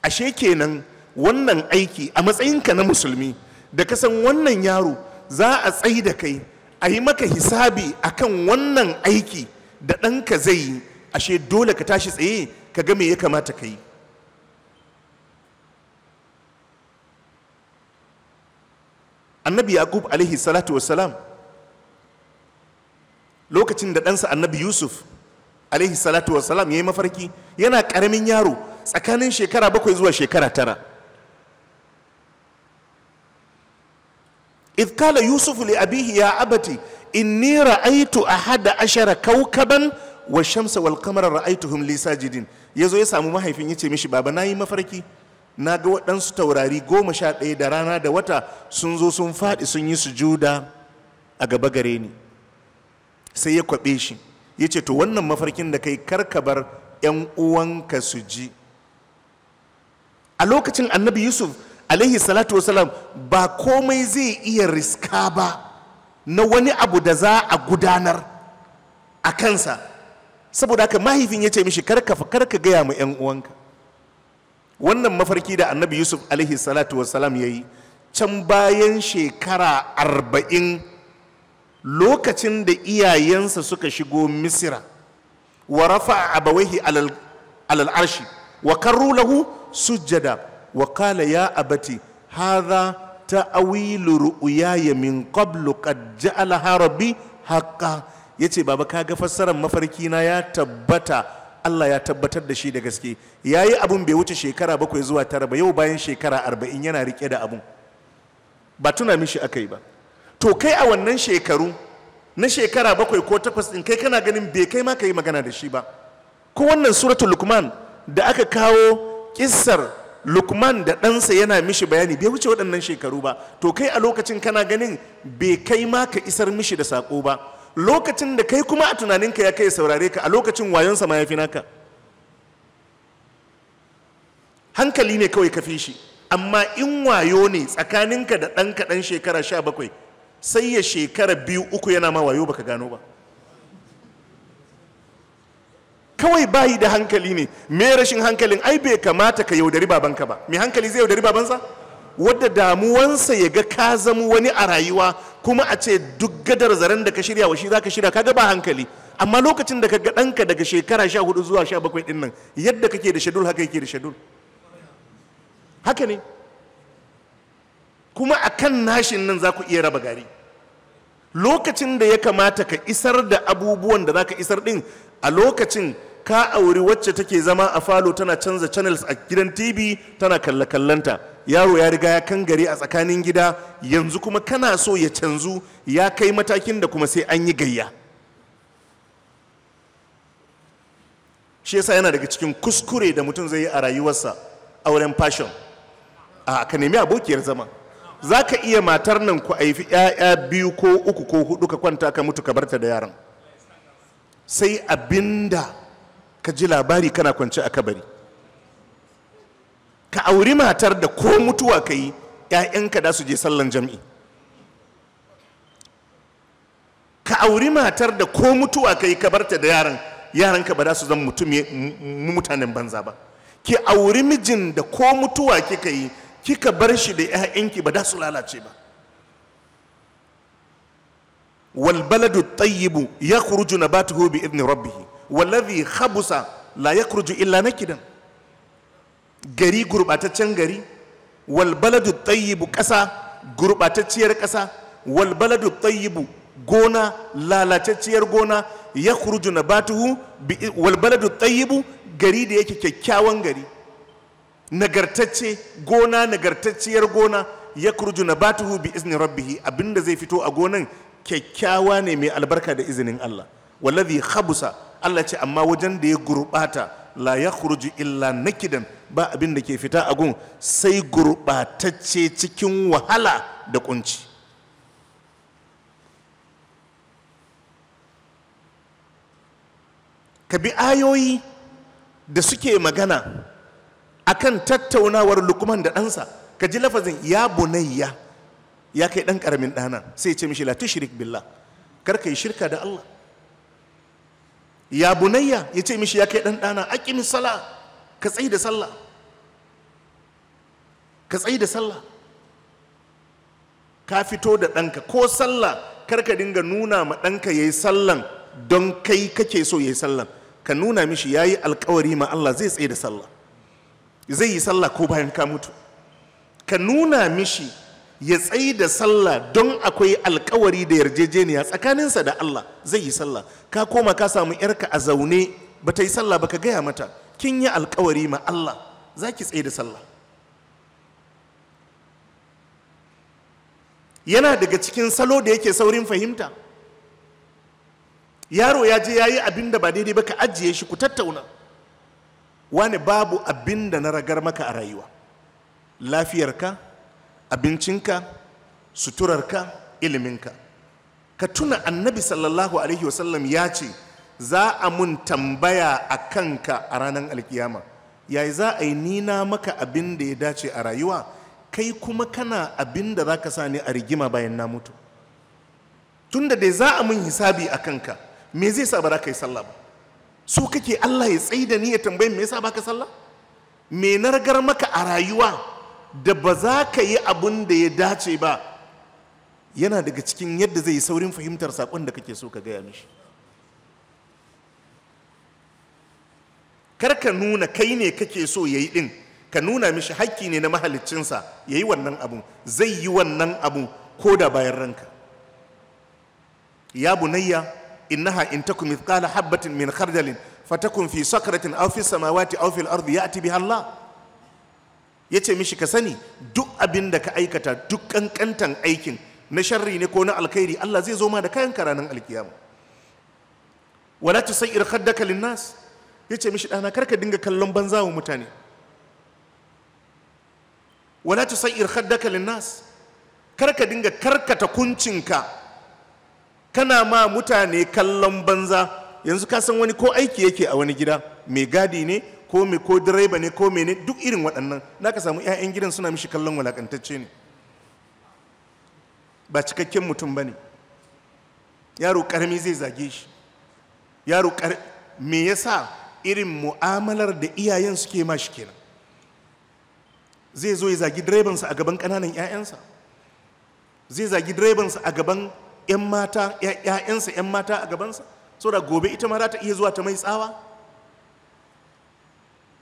ashe kenan wannan aiki a matsayinka na musulmi da ka san wannan yaro za a tsayi da kai a yi maka hisabi a kan wannan aiki da ɗanka zai yi ashe dole ka tashi tsaye ka ga me ya kamata ka yi annabi yaqub alaihi salatu salam. lokacin da ɗansa annabi yusuf alaihi salatu salam ya yi mafarki yana ƙaramin yaro tsakanin shekara bakwai zuwa shekara tara idh kala yusuf li abihi ya abati ni ra'aitu ahada ashara kaukaban wa shamsa wal qamara ra'aituhum li sajidin yazo ya samu mahaifin ce mishi baba yi mafarki na ga waɗansu taurari goma sha ɗaya da rana da wata sun zo sun faɗi sun yi sujuda a gaba gare ni sai ya kwaɓe shi ya ce to wannan mafarkin da kai karkabar 'yan uwanka su ji a lokacin annabi yusuf alaihi salatu wasalam ba komai zai iya riska ba na wani abu da za a gudanar a kansa saboda haka mahaifin ya ce mishi karkafa karka gaya ma 'yan uwanka wannan mafarki da annabi yusuf alaihi salatu wasalam ya yi can bayan shekara arba'in lokacin da iyayensa suka shigo misira wa rafa abawahi alal arshi wa karru lahu sujjada wa qala ya abati hadha ta'awilu ru'yaya min qablu qad ja'alaha rabbi haqqa yace baba kaga fassarar mafarki na ya tabbata Allah ya tabbatar da shi da gaske yayi abun bai wuce shekara bakwai zuwa tara ba yau bayan shekara arba'in yana rike da abun ba tuna mishi akai ba to kai a wannan shekaru na shekara bakwai ko takwas in kai kana ganin bai kai ma ka yi magana da shi ba ko wannan suratul lukman da aka kawo kissar lukman da ɗansa yana mishi bayani bai wuce waɗannan shekaru ba to kai a lokacin kana ganin bai kai ma ka isar mishi da saƙo ba lokacin da kai kuma a tunaninka ya kai saurare ka a lokacin wayonsa ma ya fi naka hankali ne kawai ka fi shi amma in wayo ne tsakaninka da ɗanka ɗan shekara sha bakwai sai ya shekara biyu uku yana ma wayo baka gano ba kawai bayi da hankali ne me rashin hankalin ai bai kamata ka yaudari babanka ba me hankali zai yaudari babansa wadda damuwansa ya ga ka zama wani a rayuwa kuma a ce duk gadar zaren da ka shirya wa shi za ka shirya kaga ba hankali amma lokacin da ka ga ɗanka daga shekara sha hudu zuwa sha bakwai ɗin nan yadda kake da shadul haka yake da shadul haka ne kuma a kan nashin nan za ku iya raba gari lokacin da ya kamata ka isar da abubuwan da za ka isar din a lokacin ka auri wacce take zama a falo tana canza channels a gidan tv tana kalle-kallanta yaro ya riga ya kan gari a tsakanin gida yanzu kuma kana so ya canzu ya kai matakin da kuma sai an yi gayya shi yasa yana daga cikin kuskure da mutum zai yi a rayuwarsa auren fashion a ka nemi abokiyar zama za ka iya matar nan ku haifi 'ya'ya biyu ko uku ko hudu ka kwanta ka mutu ka barta da yaran sai abinda ka ji labari kana kwance a kabari ka auri matar da ko mutuwa ka yi 'ya'yanka da su je sallan jam'i ka auri matar da ko mutuwa ka yi ka barta da yaran yaranka ba za su zama mutanen banza ba ki auri mijin da ko mutuwa kika yi kika bar shi da 'ya'yanki ba da su lalace ba wal baladu tayyibu yakhruju nabatuhu bi idni rabbih wallazi khabusa la yakhruju illa nakidan gari gurbataccen gari wal baladu tayyibu ƙasa gurbatacciyar ƙasa wal baladu tayyibu gona lalatacciyar gona ya kurju na batuhu wal baladu tayyibu gari da yake kyakkyawan gari nagartacce gona nagartacciyar gona ya kurju na batuhu bi izni rabbihi abinda zai fito a gonan kyakkyawa ne mai albarka da izinin Allah wallazi khabusa Allah ce amma wajen da ya gurbata la ya kurju illa nakidan ba abin ke fita a gun sai gurbatacce cikin wahala da kunci ka bi ayoyi da suke magana akan tattaunawar lukman da ɗansa ka ji lafazin ya bunayya ya kai ɗan ƙaramin ɗana sai ce mishi la tushrik billah kar ka yi shirka da Allah ya bunayya ya ce mishi ya kai ɗan ɗana ƙin sala ka tsayi da sallah ka tsayi da sallah ka fito da ɗanka ko sallah kar ka dinga nuna ma ɗanka ya yi sallan don kai kake so ya yi sallan ka nuna mishi ya yi alkawari ma Allah zai tsaye da sallah zai yi sallah ko bayan ka mutu ka nuna mishi ya tsayi da sallah don akwai alkawari da yarjejeniya tsakaninsa da Allah zai yi sallah ka koma ka samu yarka a zaune ba ta yi sallah ba ka gaya mata kin yi alkawari ma Allah za ki tsaye da sallah yana daga cikin salo da yake saurin fahimta yaro ya je ya yi abin da ba daidai ba ka ajiye shi ku tattauna wani babu abin da na ragar maka a rayuwa lafiyarka abincinka suturarka iliminka ka tuna annabi sallallahu alaihi wasallam ya ce za a mun tambaya a kanka a ranar alkiyama ya za a yi nina maka abin da ya dace a rayuwa kai kuma kana abin da za ka sa ni a rigima bayan na mutu tunda dai za a mun hisabi a kanka me zai sa ba za ka yi sallah ba so kake Allah ya tsaye da ni ya tambaye me yasa baka sallah me na ragar maka a rayuwa da ba za ka yi abun da ya dace ba yana daga cikin yadda zai yi saurin fahimtar sakon da kake so ka gaya mishi kar ka nuna kai ne kake so ya yi ɗin ka nuna mishi hakki ne na mahaliccinsa ya yi wannan abun, zai yi wannan abun ko da bayan ranka ya bunayya إنها إن تكن مثقال حبة من خردل فتكن في سكرة أو في السماوات أو في الأرض يأتي بها الله yace mishi ka sani duk abin da ka aikata duk kankantan aikin na sharri ne ko na alkhairi Allah zai zo ma da kayan karanan alkiyama wala tusayyir khaddaka linnas yace mishi dana karka dinga kallon banza wa mutane wala tusayyir khaddaka linnas karka dinga karkata kuncinka kana ma mutane kallon banza yanzu ka san wani ko aiki yake a wani gida mai gadi ne ko mai ko direba ne ko mene duk irin waɗannan na ka samu 'ya'yan gidan suna mishi kallon walakantacce ne ba cikakken mutum ba ne yaro ƙarami zai zage shi yaro ƙar me yasa irin mu'amalar da iyayen suke ma shi kenan zai zo ya zagi direbansa a gaban ƙananan 'ya'yansa zai zagi direbansa a gaban 'yan mata 'ya'yansa 'yan mata a gabansa so da gobe ita ma za ta iya zuwa ta mai tsawa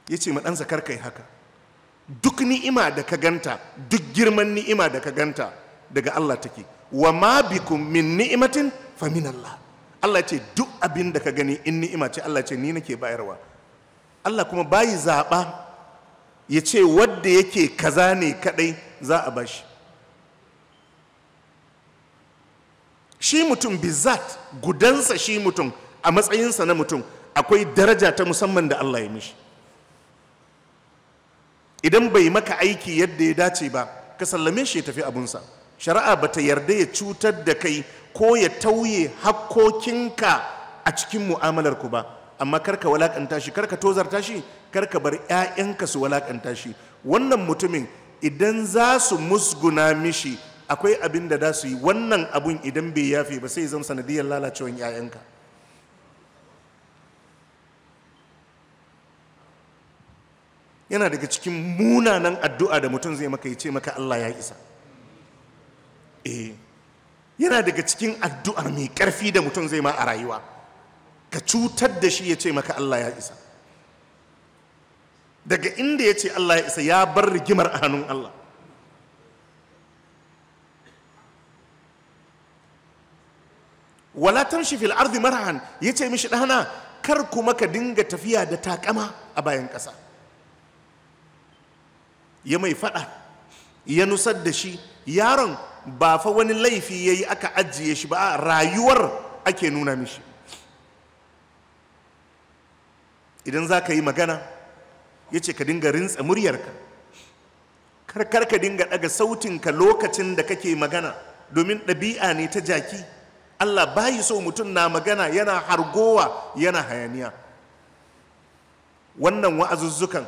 ya ce maɗansa karkai haka duk ni'ima da ka ganta duk girman ni'ima da ka ganta daga Allah take wa ma bikum min ni'imatin fa min Allah Allah ce duk abin da ka gani in ni'ima ce Allah ce ni nake bayarwa Allah kuma bayi zaɓa ya ce wadda yake kaza ne kaɗai za a bashi shi mutum bizat gudansa shi mutum a matsayinsa na mutum akwai daraja ta musamman da Allah ya mishi idan bai maka aiki yadda ya dace ba ka sallame shi ya tafi abunsa shari'a ba ta yarda ya cutar da kai ko ya tauye hakkokinka a cikin mu'amalar ku ba amma karka walakanta shi karka tozarta shi karka bar 'ya'yanka su walakanta shi wannan mutumin idan za su musguna mishi akwai abin da za su yi wannan abun idan bai yafe ba sai zan sanadiyar lalacewan 'ya'yanka yana daga cikin munanan addu'a da mutum zai maka ya ce maka Allah ya isa eh yana daga cikin addu'ar mai ƙarfi da mutum zai ma a rayuwa ka cutar da shi ya ce maka Allah ya isa daga inda ya ce Allah ya isa ya bar rigimar a hannun Allah wala tamshi fil ardi marhan yace mishi dana kar kuma ka dinga tafiya da takama a bayan ƙasa ya mai faɗa ya nusar da shi yaron ba fa wani laifi ya yi aka ajiye shi ba rayuwar ake nuna mishi idan za ka yi magana ya ce ka dinga rintsa muryarka karkar ka dinga ɗaga sautinka lokacin da kake magana domin ɗabi'a ne ta jaki allah bayi so mutum na magana yana hargowa yana hayaniya wannan wa'azuzzukan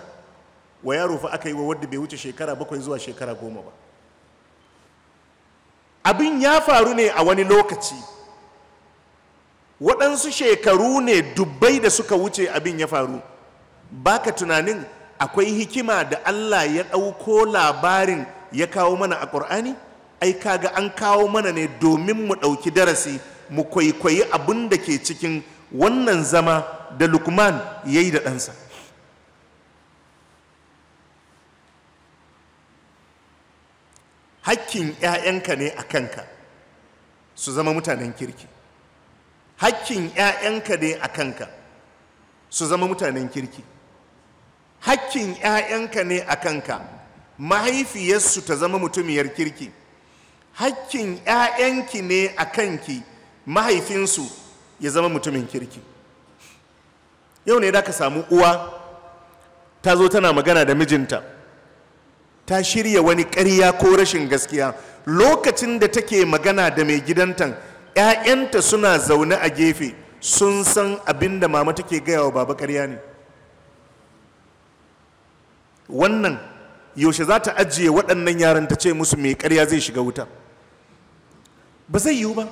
wa yaro fa aka yi wa wadda bai wuce shekara bakwai zuwa shekara goma ba abin ya faru ne a wani lokaci waɗansu shekaru ne dubbai da suka wuce abin ya faru baka tunanin akwai hikima da allah ya ɗauko labarin ya kawo mana a ƙur'ani? ai kaga an kawo mana ne domin mu ɗauki darasi mu kwaikwayi abin da ke cikin wannan zama da lukman ya yi da ɗansa hakkin 'ya'yanka ne a kanka su zama mutanen kirki hakkin 'ya'yanka ne a kanka su zama mutanen kirki hakkin 'ya'yanka ne a kanka mahaifiyarsu ta zama mutumiyar kirki hakkin 'ya'yanki ne a kanki mahaifinsu ya zama mutumin kirki yau ne da ka samu uwa ta zo tana magana da mijinta ta shirya wani ƙarya ko rashin gaskiya lokacin da take magana da mai gidantan 'ya'yanta suna zaune a gefe sun san abin da mama take gaya wa baba ƙarya ne wannan yaushe za ta ajiye waɗannan yaran ta ce musu mai ƙarya zai shiga wuta ba zai yiwu ba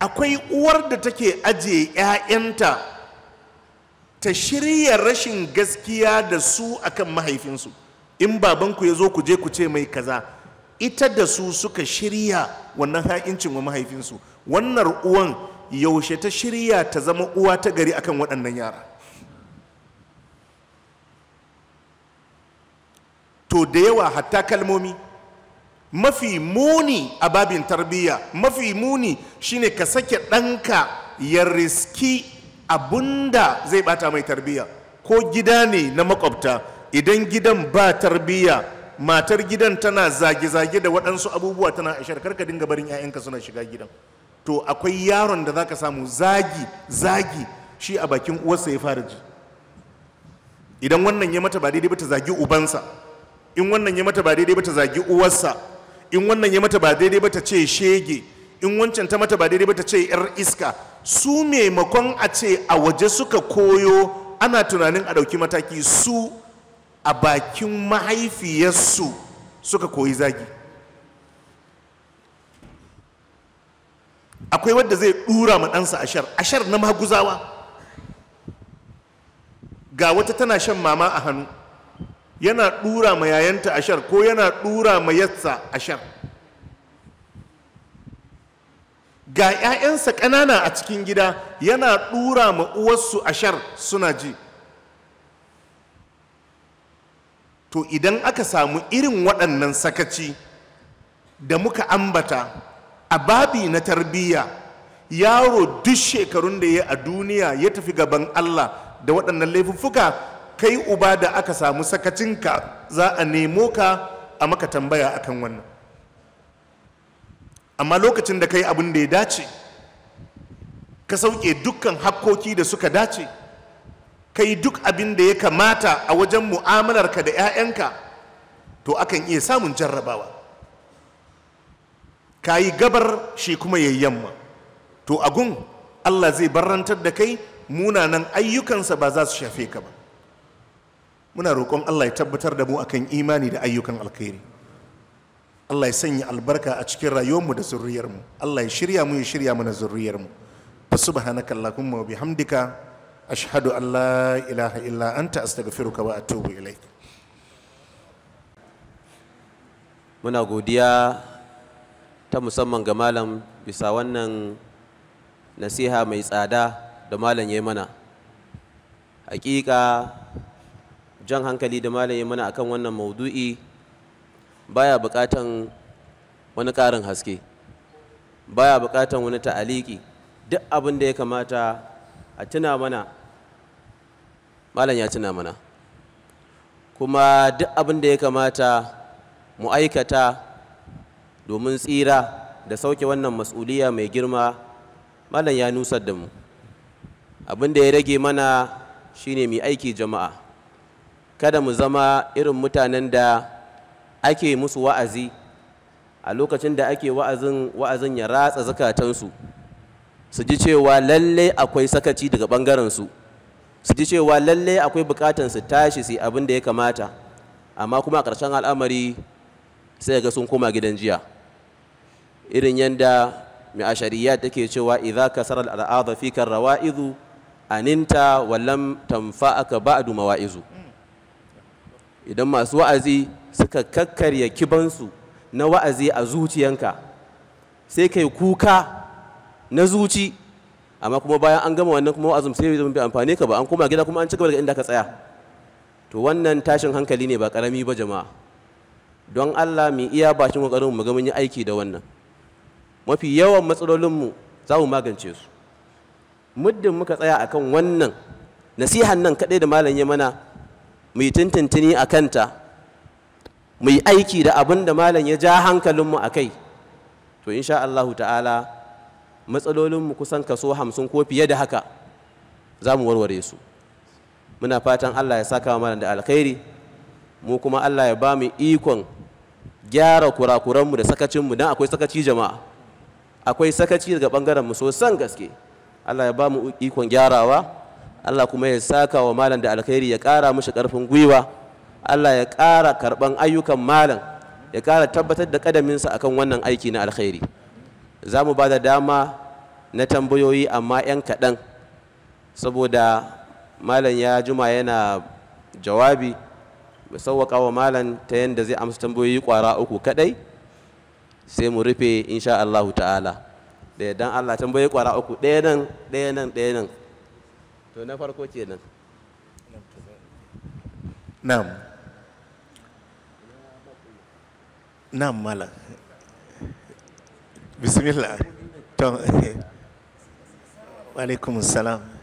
akwai uwar da take ajiye 'ya'yanta ta shirya rashin gaskiya da su akan mahaifinsu in babanku ya zo ku je ku ce mai kaza ita da su suka shirya wannan ha'incin wa mahaifinsu wannan uwan yaushe ta shirya ta zama uwa ta gari akan waɗannan yara to da yawa hatta kalmomi mafi muni a babin tarbiyya mafi muni shine ka sake ɗanka ya riski abunda zai bata mai tarbiyya ko gida ne na makwabta idan gidan ba tarbiyya matar gidan tana zage-zage da waɗansu abubuwa tana a ashar ka dinga barin 'ya'yanka suna shiga gidan to akwai yaron da zaka samu zagi zagi shi a bakin uwarsa ya fara ji idan wannan ya mata ba daidai ba ta zagi ubansa in wannan ya mata ba daidai ba ta zagi uwarsa in wannan ya mata ba daidai ba ta ce shege in wancan ta mata ba daidai ba ta ce yar iska su maimakon a ce a waje suka koyo ana tunanin a ɗauki mataki su a bakin mahaifiyarsu suka koyi zagi akwai wadda zai ɗura ma ɗansa ashar ashar na maguzawa ga wata tana shan mama a hannu yana dura ma yayanta ashar ko yana dura ma yatsa ashar ga 'ya'yansa ƙanana a cikin gida yana dura ma uwarsu ashar suna ji to idan aka samu irin waɗannan sakaci da muka ambata a babi na tarbiyya yaro duk shekarun da ya a duniya ya tafi gaban Allah da waɗannan laifuffuka kai uba da aka samu sakacinka za a nemo ka a maka tambaya akan wannan amma lokacin da kai abin da ya dace ka sauke dukkan hakkoki da suka dace kai duk abin da ya kamata a wajen mu'amalarka da 'ya'yanka to akan iya samun jarrabawa ka yi gabar shi kuma ya yamma to agun allah zai barantar da kai munanan ayyukansa ba za su shafe ka ba muna roƙon Allah ya tabbatar da mu akan imani da ayyukan alkhairi Allah ya sanya albarka a cikin rayuwarmu da zurriyarmu Allah ya shirya mu ya shirya mana zurriyarmu fa subhanaka allahumma wa bihamdika ashhadu an la ilaha illa anta astaghfiruka wa atubu ilaik muna godiya ta musamman ga malam bisa wannan nasiha mai tsada da malam ya mana hakika jan hankali da malaye mana akan wannan maudu'i baya buƙatan wani ƙarin haske baya buƙatan wani ta'aliki duk abin da ya kamata a tuna mana malam ya tuna mana kuma duk abin da ya kamata mu aikata domin tsira da sauke wannan mas'uliya mai girma malam ya nusar da mu abin da ya rage mana shine mai aiki jama'a kada mu zama irin mutanen da ake musu wa'azi a lokacin da ake wa'azin wa'azin ya ratsa zakatansu su ji cewa lalle akwai sakaci daga ɓangarensu su ji cewa lalle akwai bukatan su tashi su abin da ya kamata amma kuma a ƙarshen al'amari sai ga sun koma gidan jiya irin yadda mai ashariya take cewa idza kasara al'adha kan rawaizu aninta wa lam tanfa'aka duma mawaizu idan masu wa'azi suka kakkarya kibansu na wa'azi a zuciyanka sai kai kuka na zuci amma kuma bayan an gama wannan kuma wa'azin sai bai amfane ka ba an koma gida kuma an cigaba daga inda ka tsaya to wannan tashin hankali ne ba karami ba jama'a don Allah mai iya bakin kokarin mu ga mun yi aiki da wannan mafi yawan matsalolinmu za mu magance su muddin muka tsaya akan wannan nasihan nan kaɗai da malam ya mana mu yi tuntuntuni a kanta mu yi aiki da abin da malam ya ja hankalinmu a kai to insha Allahu ta'ala matsalolinmu kusan kaso hamsin ko fiye da haka za mu warware su muna fatan Allah ya saka wa malam da alkhairi mu kuma Allah ya ba mu ikon gyara kurakuranmu da sakacinmu don akwai sakaci jama'a akwai sakaci daga ɓangarenmu sosan gaske Allah ya ba mu ikon gyarawa Allah kuma ya saka wa malam da alkhairi ya kara mishi karfin gwiwa Allah ya ƙara karɓan ayyukan malam ya kara tabbatar da ƙadaminsa akan wannan aiki na alkhairi za mu ba da dama na tambayoyi amma 'yan kaɗan saboda malam ya juma yana jawabi mu sauwaƙa wa malam ta yadda zai amsa tambayoyi ƙwara uku kaɗai sai mu rufe insha Allahu ta'ala da dan Allah tambaye kwara uku ɗaya nan ɗaya nan ɗaya nan to na farko ce nan na'am na'am mala bismillah to <laughs> alaikum salam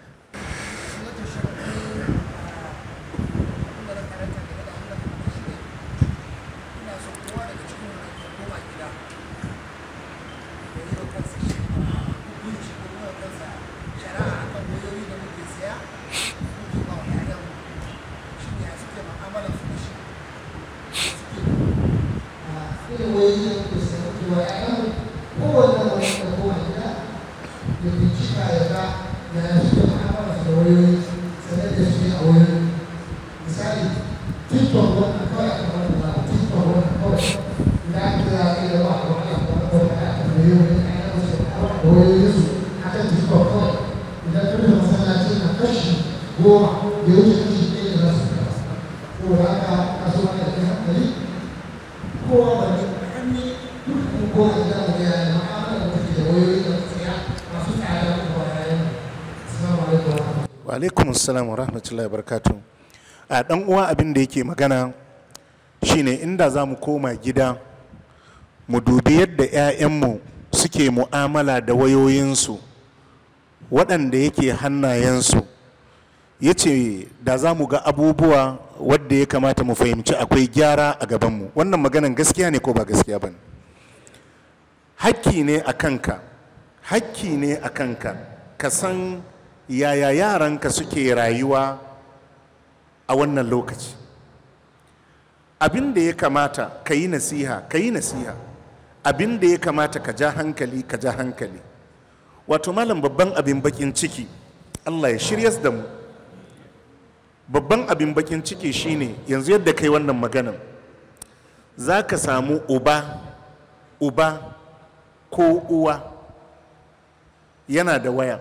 rahmatullahi barkatu a dan uwa abin da yake magana shine inda za mu koma gida mu dubi yadda 'ya'yanmu suke mu'amala da wayoyinsu waɗanda yake hannayensu ya ce da za mu ga abubuwa wadda ya kamata mu fahimci akwai gyara a gabanmu wannan maganan gaskiya ne ko ba gaskiya ba hakki ne a kanka hakki ne a kanka ka san yaya yaranka suke rayuwa a wannan lokaci abinda da ya kamata ka yi nasiha ka yi nasiha abin ya kamata ka ja hankali ka ja hankali wato malam babban abin bakin ciki allah ya shirya da mu babban abin bakin ciki shine yanzu yadda kai wannan maganan za ka samu uba uba ko uwa yana da waya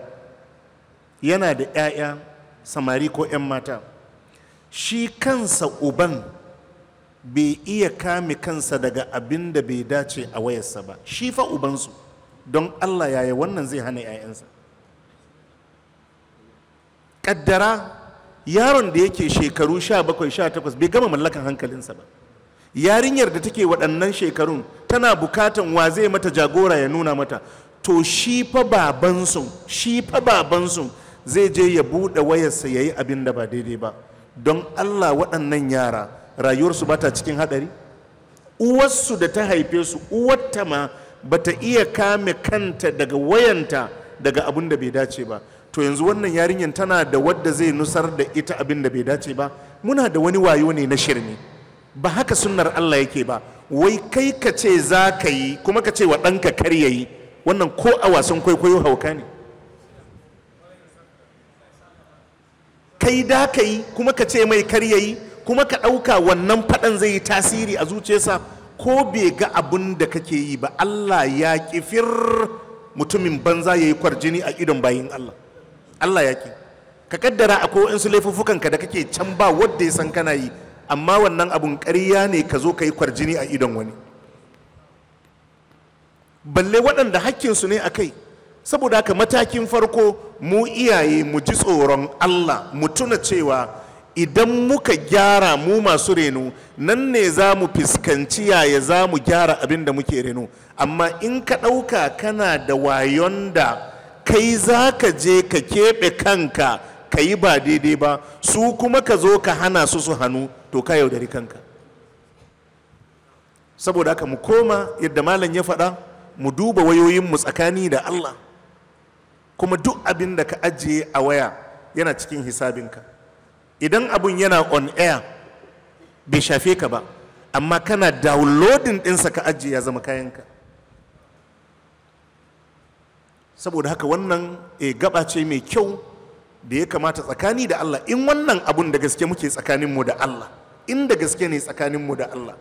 yana da 'ya'ya samari ko 'yan mata shi kansa uban bai iya kame kansa daga abin da bai dace a wayarsa ba shi fa ubansu don allah yaya wannan zai hana 'ya'yansa ƙaddara yaron da yake shekaru 17-18 bai gama mallakan hankalinsa ba yarinyar da take waɗannan shekarun tana bukatan wa zai mata jagora ya nuna mata to shi fa babansu shi fa babansu zai je ya buɗe wayarsa ya yi abin da ba daidai ba don allah waɗannan yara rayuwarsu ba ta cikin haɗari uwarsu da ta haife su uwarta ma ba ta iya kame kanta daga wayanta daga abin da bai dace ba to yanzu wannan yarinyar tana da wadda zai nusar da ita abin da bai dace ba muna da wani wayo ne na shirme ba haka sunnar allah yake ba wai kai ka ce za ka yi kuma ka ce wa ɗanka kar ya yi wannan ko a wasan kwaikwayo hauka ne kai da ka yi kuma ka ce mai kar yi kuma ka ɗauka wannan faɗan zai yi tasiri a zuciyarsa ko bai ga abin da kake yi ba Allah ya kifir mutumin banza ya yi kwarjini a idon bayin Allah Allah ya ki ka kaddara akwai waɗansu laifuffukanka da kake can ba wadda ya san kana yi amma wannan abun karya ne ka zo ka yi kwarjini a idon wani balle waɗanda hakkinsu ne a kai saboda haka matakin farko mu iyaye mu ji tsoron allah mu tuna cewa idan muka gyara mu masu renu, nan ne za mu fuskanci yaya za mu gyara abin da muke renu, amma in ka ɗauka kana da wayon da kai za ka je ka keɓe kanka ka yi ba daidai ba su kuma ka zo ka hana su su hannu to ka yaudari kanka saboda haka mu koma yadda malam ya faɗa mu duba wayoyinmu tsakani da allah kuma duk abin da ka ajiye a waya yana cikin hisabinka idan abun yana on air bai shafe ka ba amma kana downloading ɗinsa ka ajiye ya zama kayanka saboda haka wannan e gaba ce mai kyau da ya kamata tsakani da Allah in wannan abun da gaske muke tsakaninmu da Allah in da gaske ne tsakaninmu da Allah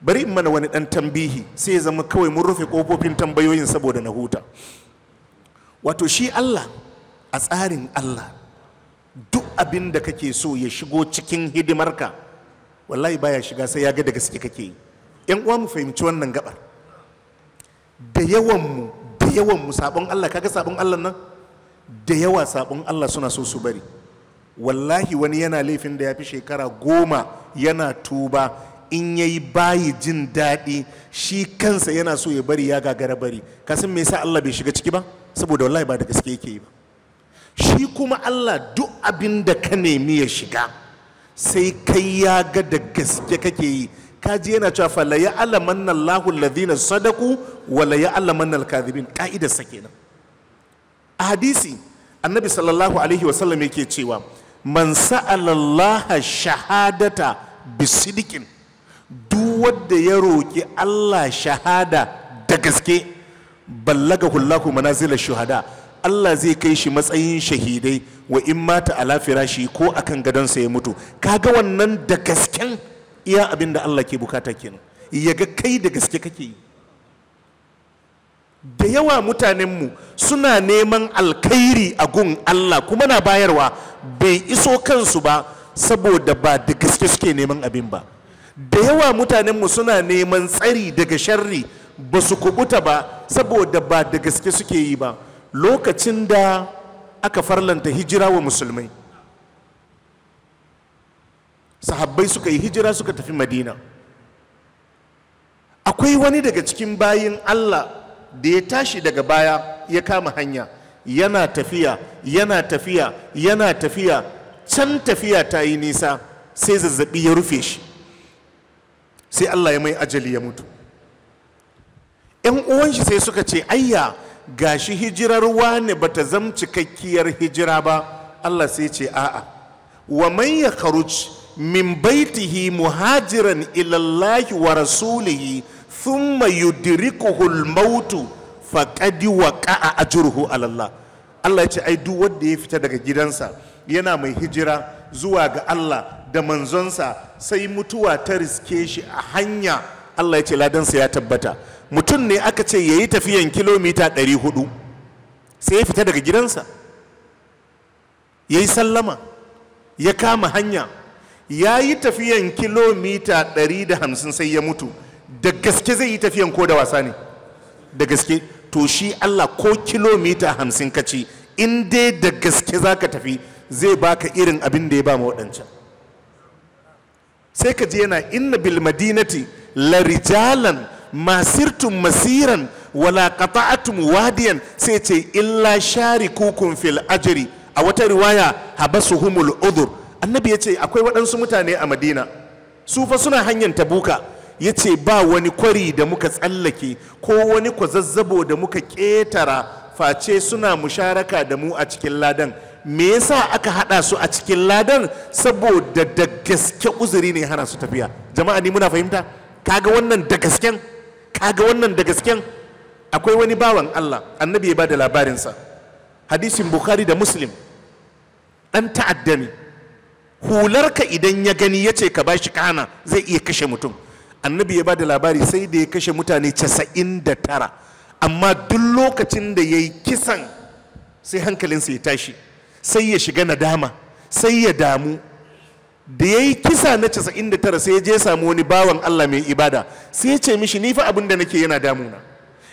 bari in mana wani ɗan tambihi sai ya zama kawai mun rufe kofofin tambayoyin saboda na huta wato shi Allah a tsarin Allah duk abin da kake so ya shigo cikin hidimarka wallahi baya shiga sai ya ga da gaske kake yi yan uwa mu fahimci wannan gabar da yawan mu da yawan mu sabon Allah kaga sabon Allah nan da yawa sabon Allah suna so su bari wallahi wani yana laifin da ya fi shekara goma yana tuba in ya yi bayi jin daɗi shi kansa yana so ya bari ya gagara bari kasan me yasa Allah bai shiga ciki ba saboda wallahi ba da gaske yake yi ba shi kuma Allah duk abin da ka nemi ya shiga sai kai ya ga da gaske kake yi kaji yana cewa fa la ya'lamanna Allahu alladhina sadaku wa la ya'lamanna al ka'idar sa kenan a hadisi annabi sallallahu alaihi wa sallam yake cewa man sa'ala Allah shahadata bisidikin duk wanda ya roki Allah shahada da gaske ballaga hullaku manazila shuhada Allah zai kai shi matsayin shahidai wa in mata ala firashi ko akan sa ya mutu kaga wannan da gasken iya abin da Allah ke bukata kenan ya ga kai da gaske kake yi da yawa mutanenmu suna neman alkhairi a gun Allah kuma na bayarwa bai iso kansu ba saboda ba da gaske suke neman abin ba da yawa mutanenmu suna neman tsari daga sharri ba su kubuta ba saboda ba da gaske suke yi ba lokacin da aka farlanta hijira wa musulmai sahabbai suka yi hijira suka tafi madina akwai wani daga cikin bayin allah da ya tashi daga baya ya kama hanya yana tafiya yana tafiya yana tafiya can tafiya ta yi nisa sai zazzabi ya rufe shi sai allah ya mai ajali ya mutu 'yan uwan shi sai suka ce ayya gashi hijirar wane ta zama cikakkiyar hijira ba Allah sai ce a'a wa man ya karuc min baitihi muhajiran ilallahi wa rasulihi thumma yudrikuhu al-mautu waqa'a ajruhu ala Allah Allah ya ce ai duk wanda ya fita daga gidansa yana mai hijira zuwa ga Allah da manzonsa sai mutuwa ta riske shi a hanya Allah ya ce ladansa ya tabbata mutum ne aka ce ya yi tafiyan kilomita 400 sai ya fita daga gidansa ya yi sallama ya kama hanya ya yi tafiyan kilomita 150 sai ya mutu da gaske zai yi tafiyan ko da wasa ne da gaske to shi allah ko kilomita 50 ka ci in dai da gaske za ka tafi zai baka irin abin da ya ba waɗancan sai ka je yana inna bil madinati la masirtum masiran wala qata'tum wadiyan sai ce illa sharikukum fil ajri a wata riwaya habasuhumul udhur annabi yace akwai waɗansu mutane a madina su fa suna hanyar tabuka yace ba wani kwari da muka tsallake ko wani kwazazzabo da muka ƙetara face suna musharaka da mu a cikin ladan me yasa aka hada su a cikin ladan saboda da gaske uzuri ne hana su tafiya jama'a ni muna fahimta kaga wannan da gasken kaga wannan da gasken akwai wani bawan Allah annabi ya bada labarinsa hadisin bukhari da muslim dan ta'adda ne hularka idan ya gani ya ce ka bashi kana zai iya kashe mutum annabi ya bada labari sai da ya kashe mutane casa'in da tara amma duk lokacin da ya yi kisan sai hankalinsa ya tashi sai ya shiga nadama sai ya damu da ya yi kisa na 99 sai ya je samu wani bawan Allah mai ibada sai ya ce mishi ni fa abin da nake yana damuna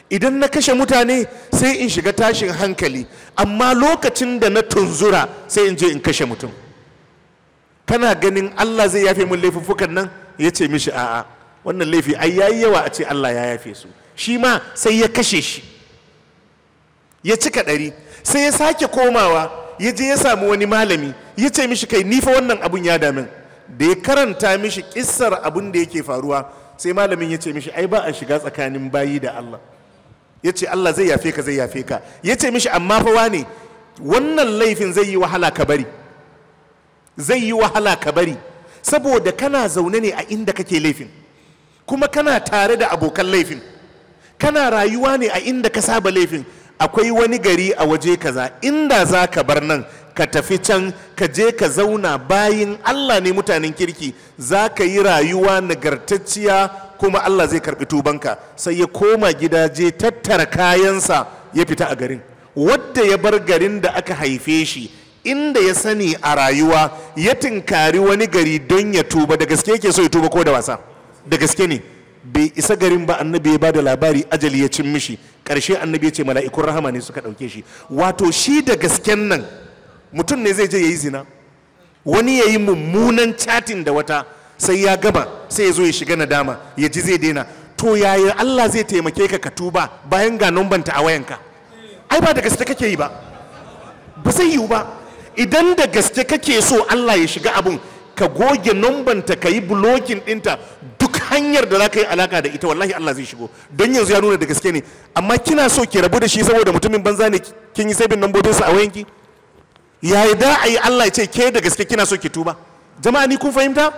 idan na kashe mutane sai in shiga tashin hankali amma lokacin da na tunzura sai in je in kashe mutum kana ganin Allah zai yafe mun laifuffukan nan ya ce mishi a'a wannan laifi ai yayi yawa a ce Allah ya yafe su shi ma sai ya kashe shi ya cika ɗari sai ya sake komawa ya je ya samu wani malami ya ce mishi kai nifa wannan abun ya damin da ya karanta mishi kisar abun da yake faruwa sai malamin ya ce mishi ai ba a shiga tsakanin bayi da Allah ya ce Allah zai yafe ka zai yafe ka ya ce mishi amma fa wane wannan laifin zai yi wahala ka bari zai yi wahala ka bari saboda kana zaune ne a inda kake laifin kuma kana tare da abokan laifin kana rayuwa ne a inda ka saba laifin akwai wani gari a waje kaza inda za ka bar nan ka tafi can ka je ka zauna bayin Allah ne mutanen kirki za ka yi rayuwa nagartacciya kuma Allah zai karɓi tubanka sai ya koma gida je tattara kayansa ya fita a garin wadda ya bar garin da aka haife shi inda ya sani a rayuwa ya tinkari wani gari don ya tuba da gaske yake so ya tuba ko da wasa da gaske ne bai isa garin ba annabi ya bada labari ajali ya cin mishi karshe annabi ya ce mala'ikun rahama ne suka ɗauke shi wato shi da gasken nan mutum ne zai je ya yi zina wani ya yi mummunan catin da wata sai ya gama sai ya zo ya shiga nadama ya ji zai daina to yaya Allah zai taimake ka ka tuba bayan ga numbanta a wayanka ai ba da gaske kake yi ba ba zai yiwu ba idan da gaske kake so Allah ya shiga abun ka goge numbanta ka yi blocking dinta. duk hanyar da za ka yi alaka da ita wallahi Allah zai shigo don yanzu ya nuna da gaske ne amma kina so ki rabu da shi saboda mutumin banza ne kin yi sabin nambobinsa a wayanki ya yi da a yi Allah ya ce ke da gaske kina so ki tuba jama'a ni kun fahimta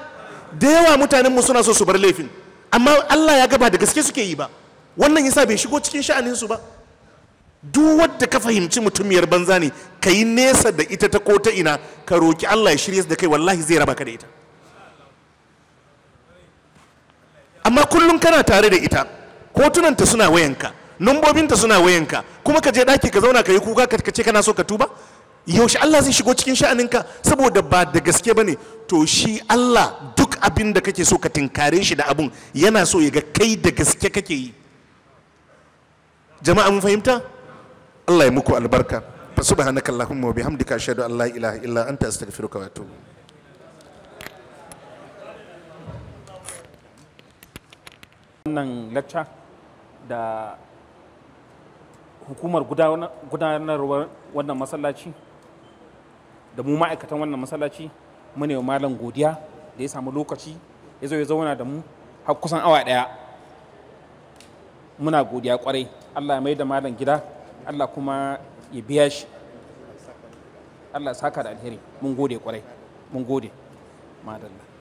da yawa mutanen mu suna so su bar laifin amma Allah ya gaba da gaske suke yi ba wannan yasa bai shigo cikin sha'anin su ba duk wadda ka fahimci mutumiyar banza ne ka yi nesa da ita ta ko ta ina ka roki Allah ya shirye da kai wallahi zai raba ka da ita amma kullum kana tare da ita hotunanta suna wayanka numbobinta suna wayanka kuma ka je daki ka zauna ka yi kuka ka ce kana so ka tuba yaushe Allah zai shigo cikin sha'aninka saboda ba da gaske bane to shi Allah duk abin da kake so ka tinkare shi da abun yana so ya ga kai da gaske kake yi jama'a mun fahimta Allah ya muku albarka fa subhanakallahumma wa bihamdika ashhadu an la ilaha illa anta astaghfiruka wa atubu wannan lecture da hukumar gudanarwar wannan masallaci da mu ma'aikatan wannan masallaci mune wa malam godiya da ya samu lokaci ya zo ya zauna da mu har kusan awa ɗaya muna godiya kwarai allah ya mai da malam gida allah kuma ya biya shi allah saka da alheri mun gode kwarai mun gode madalla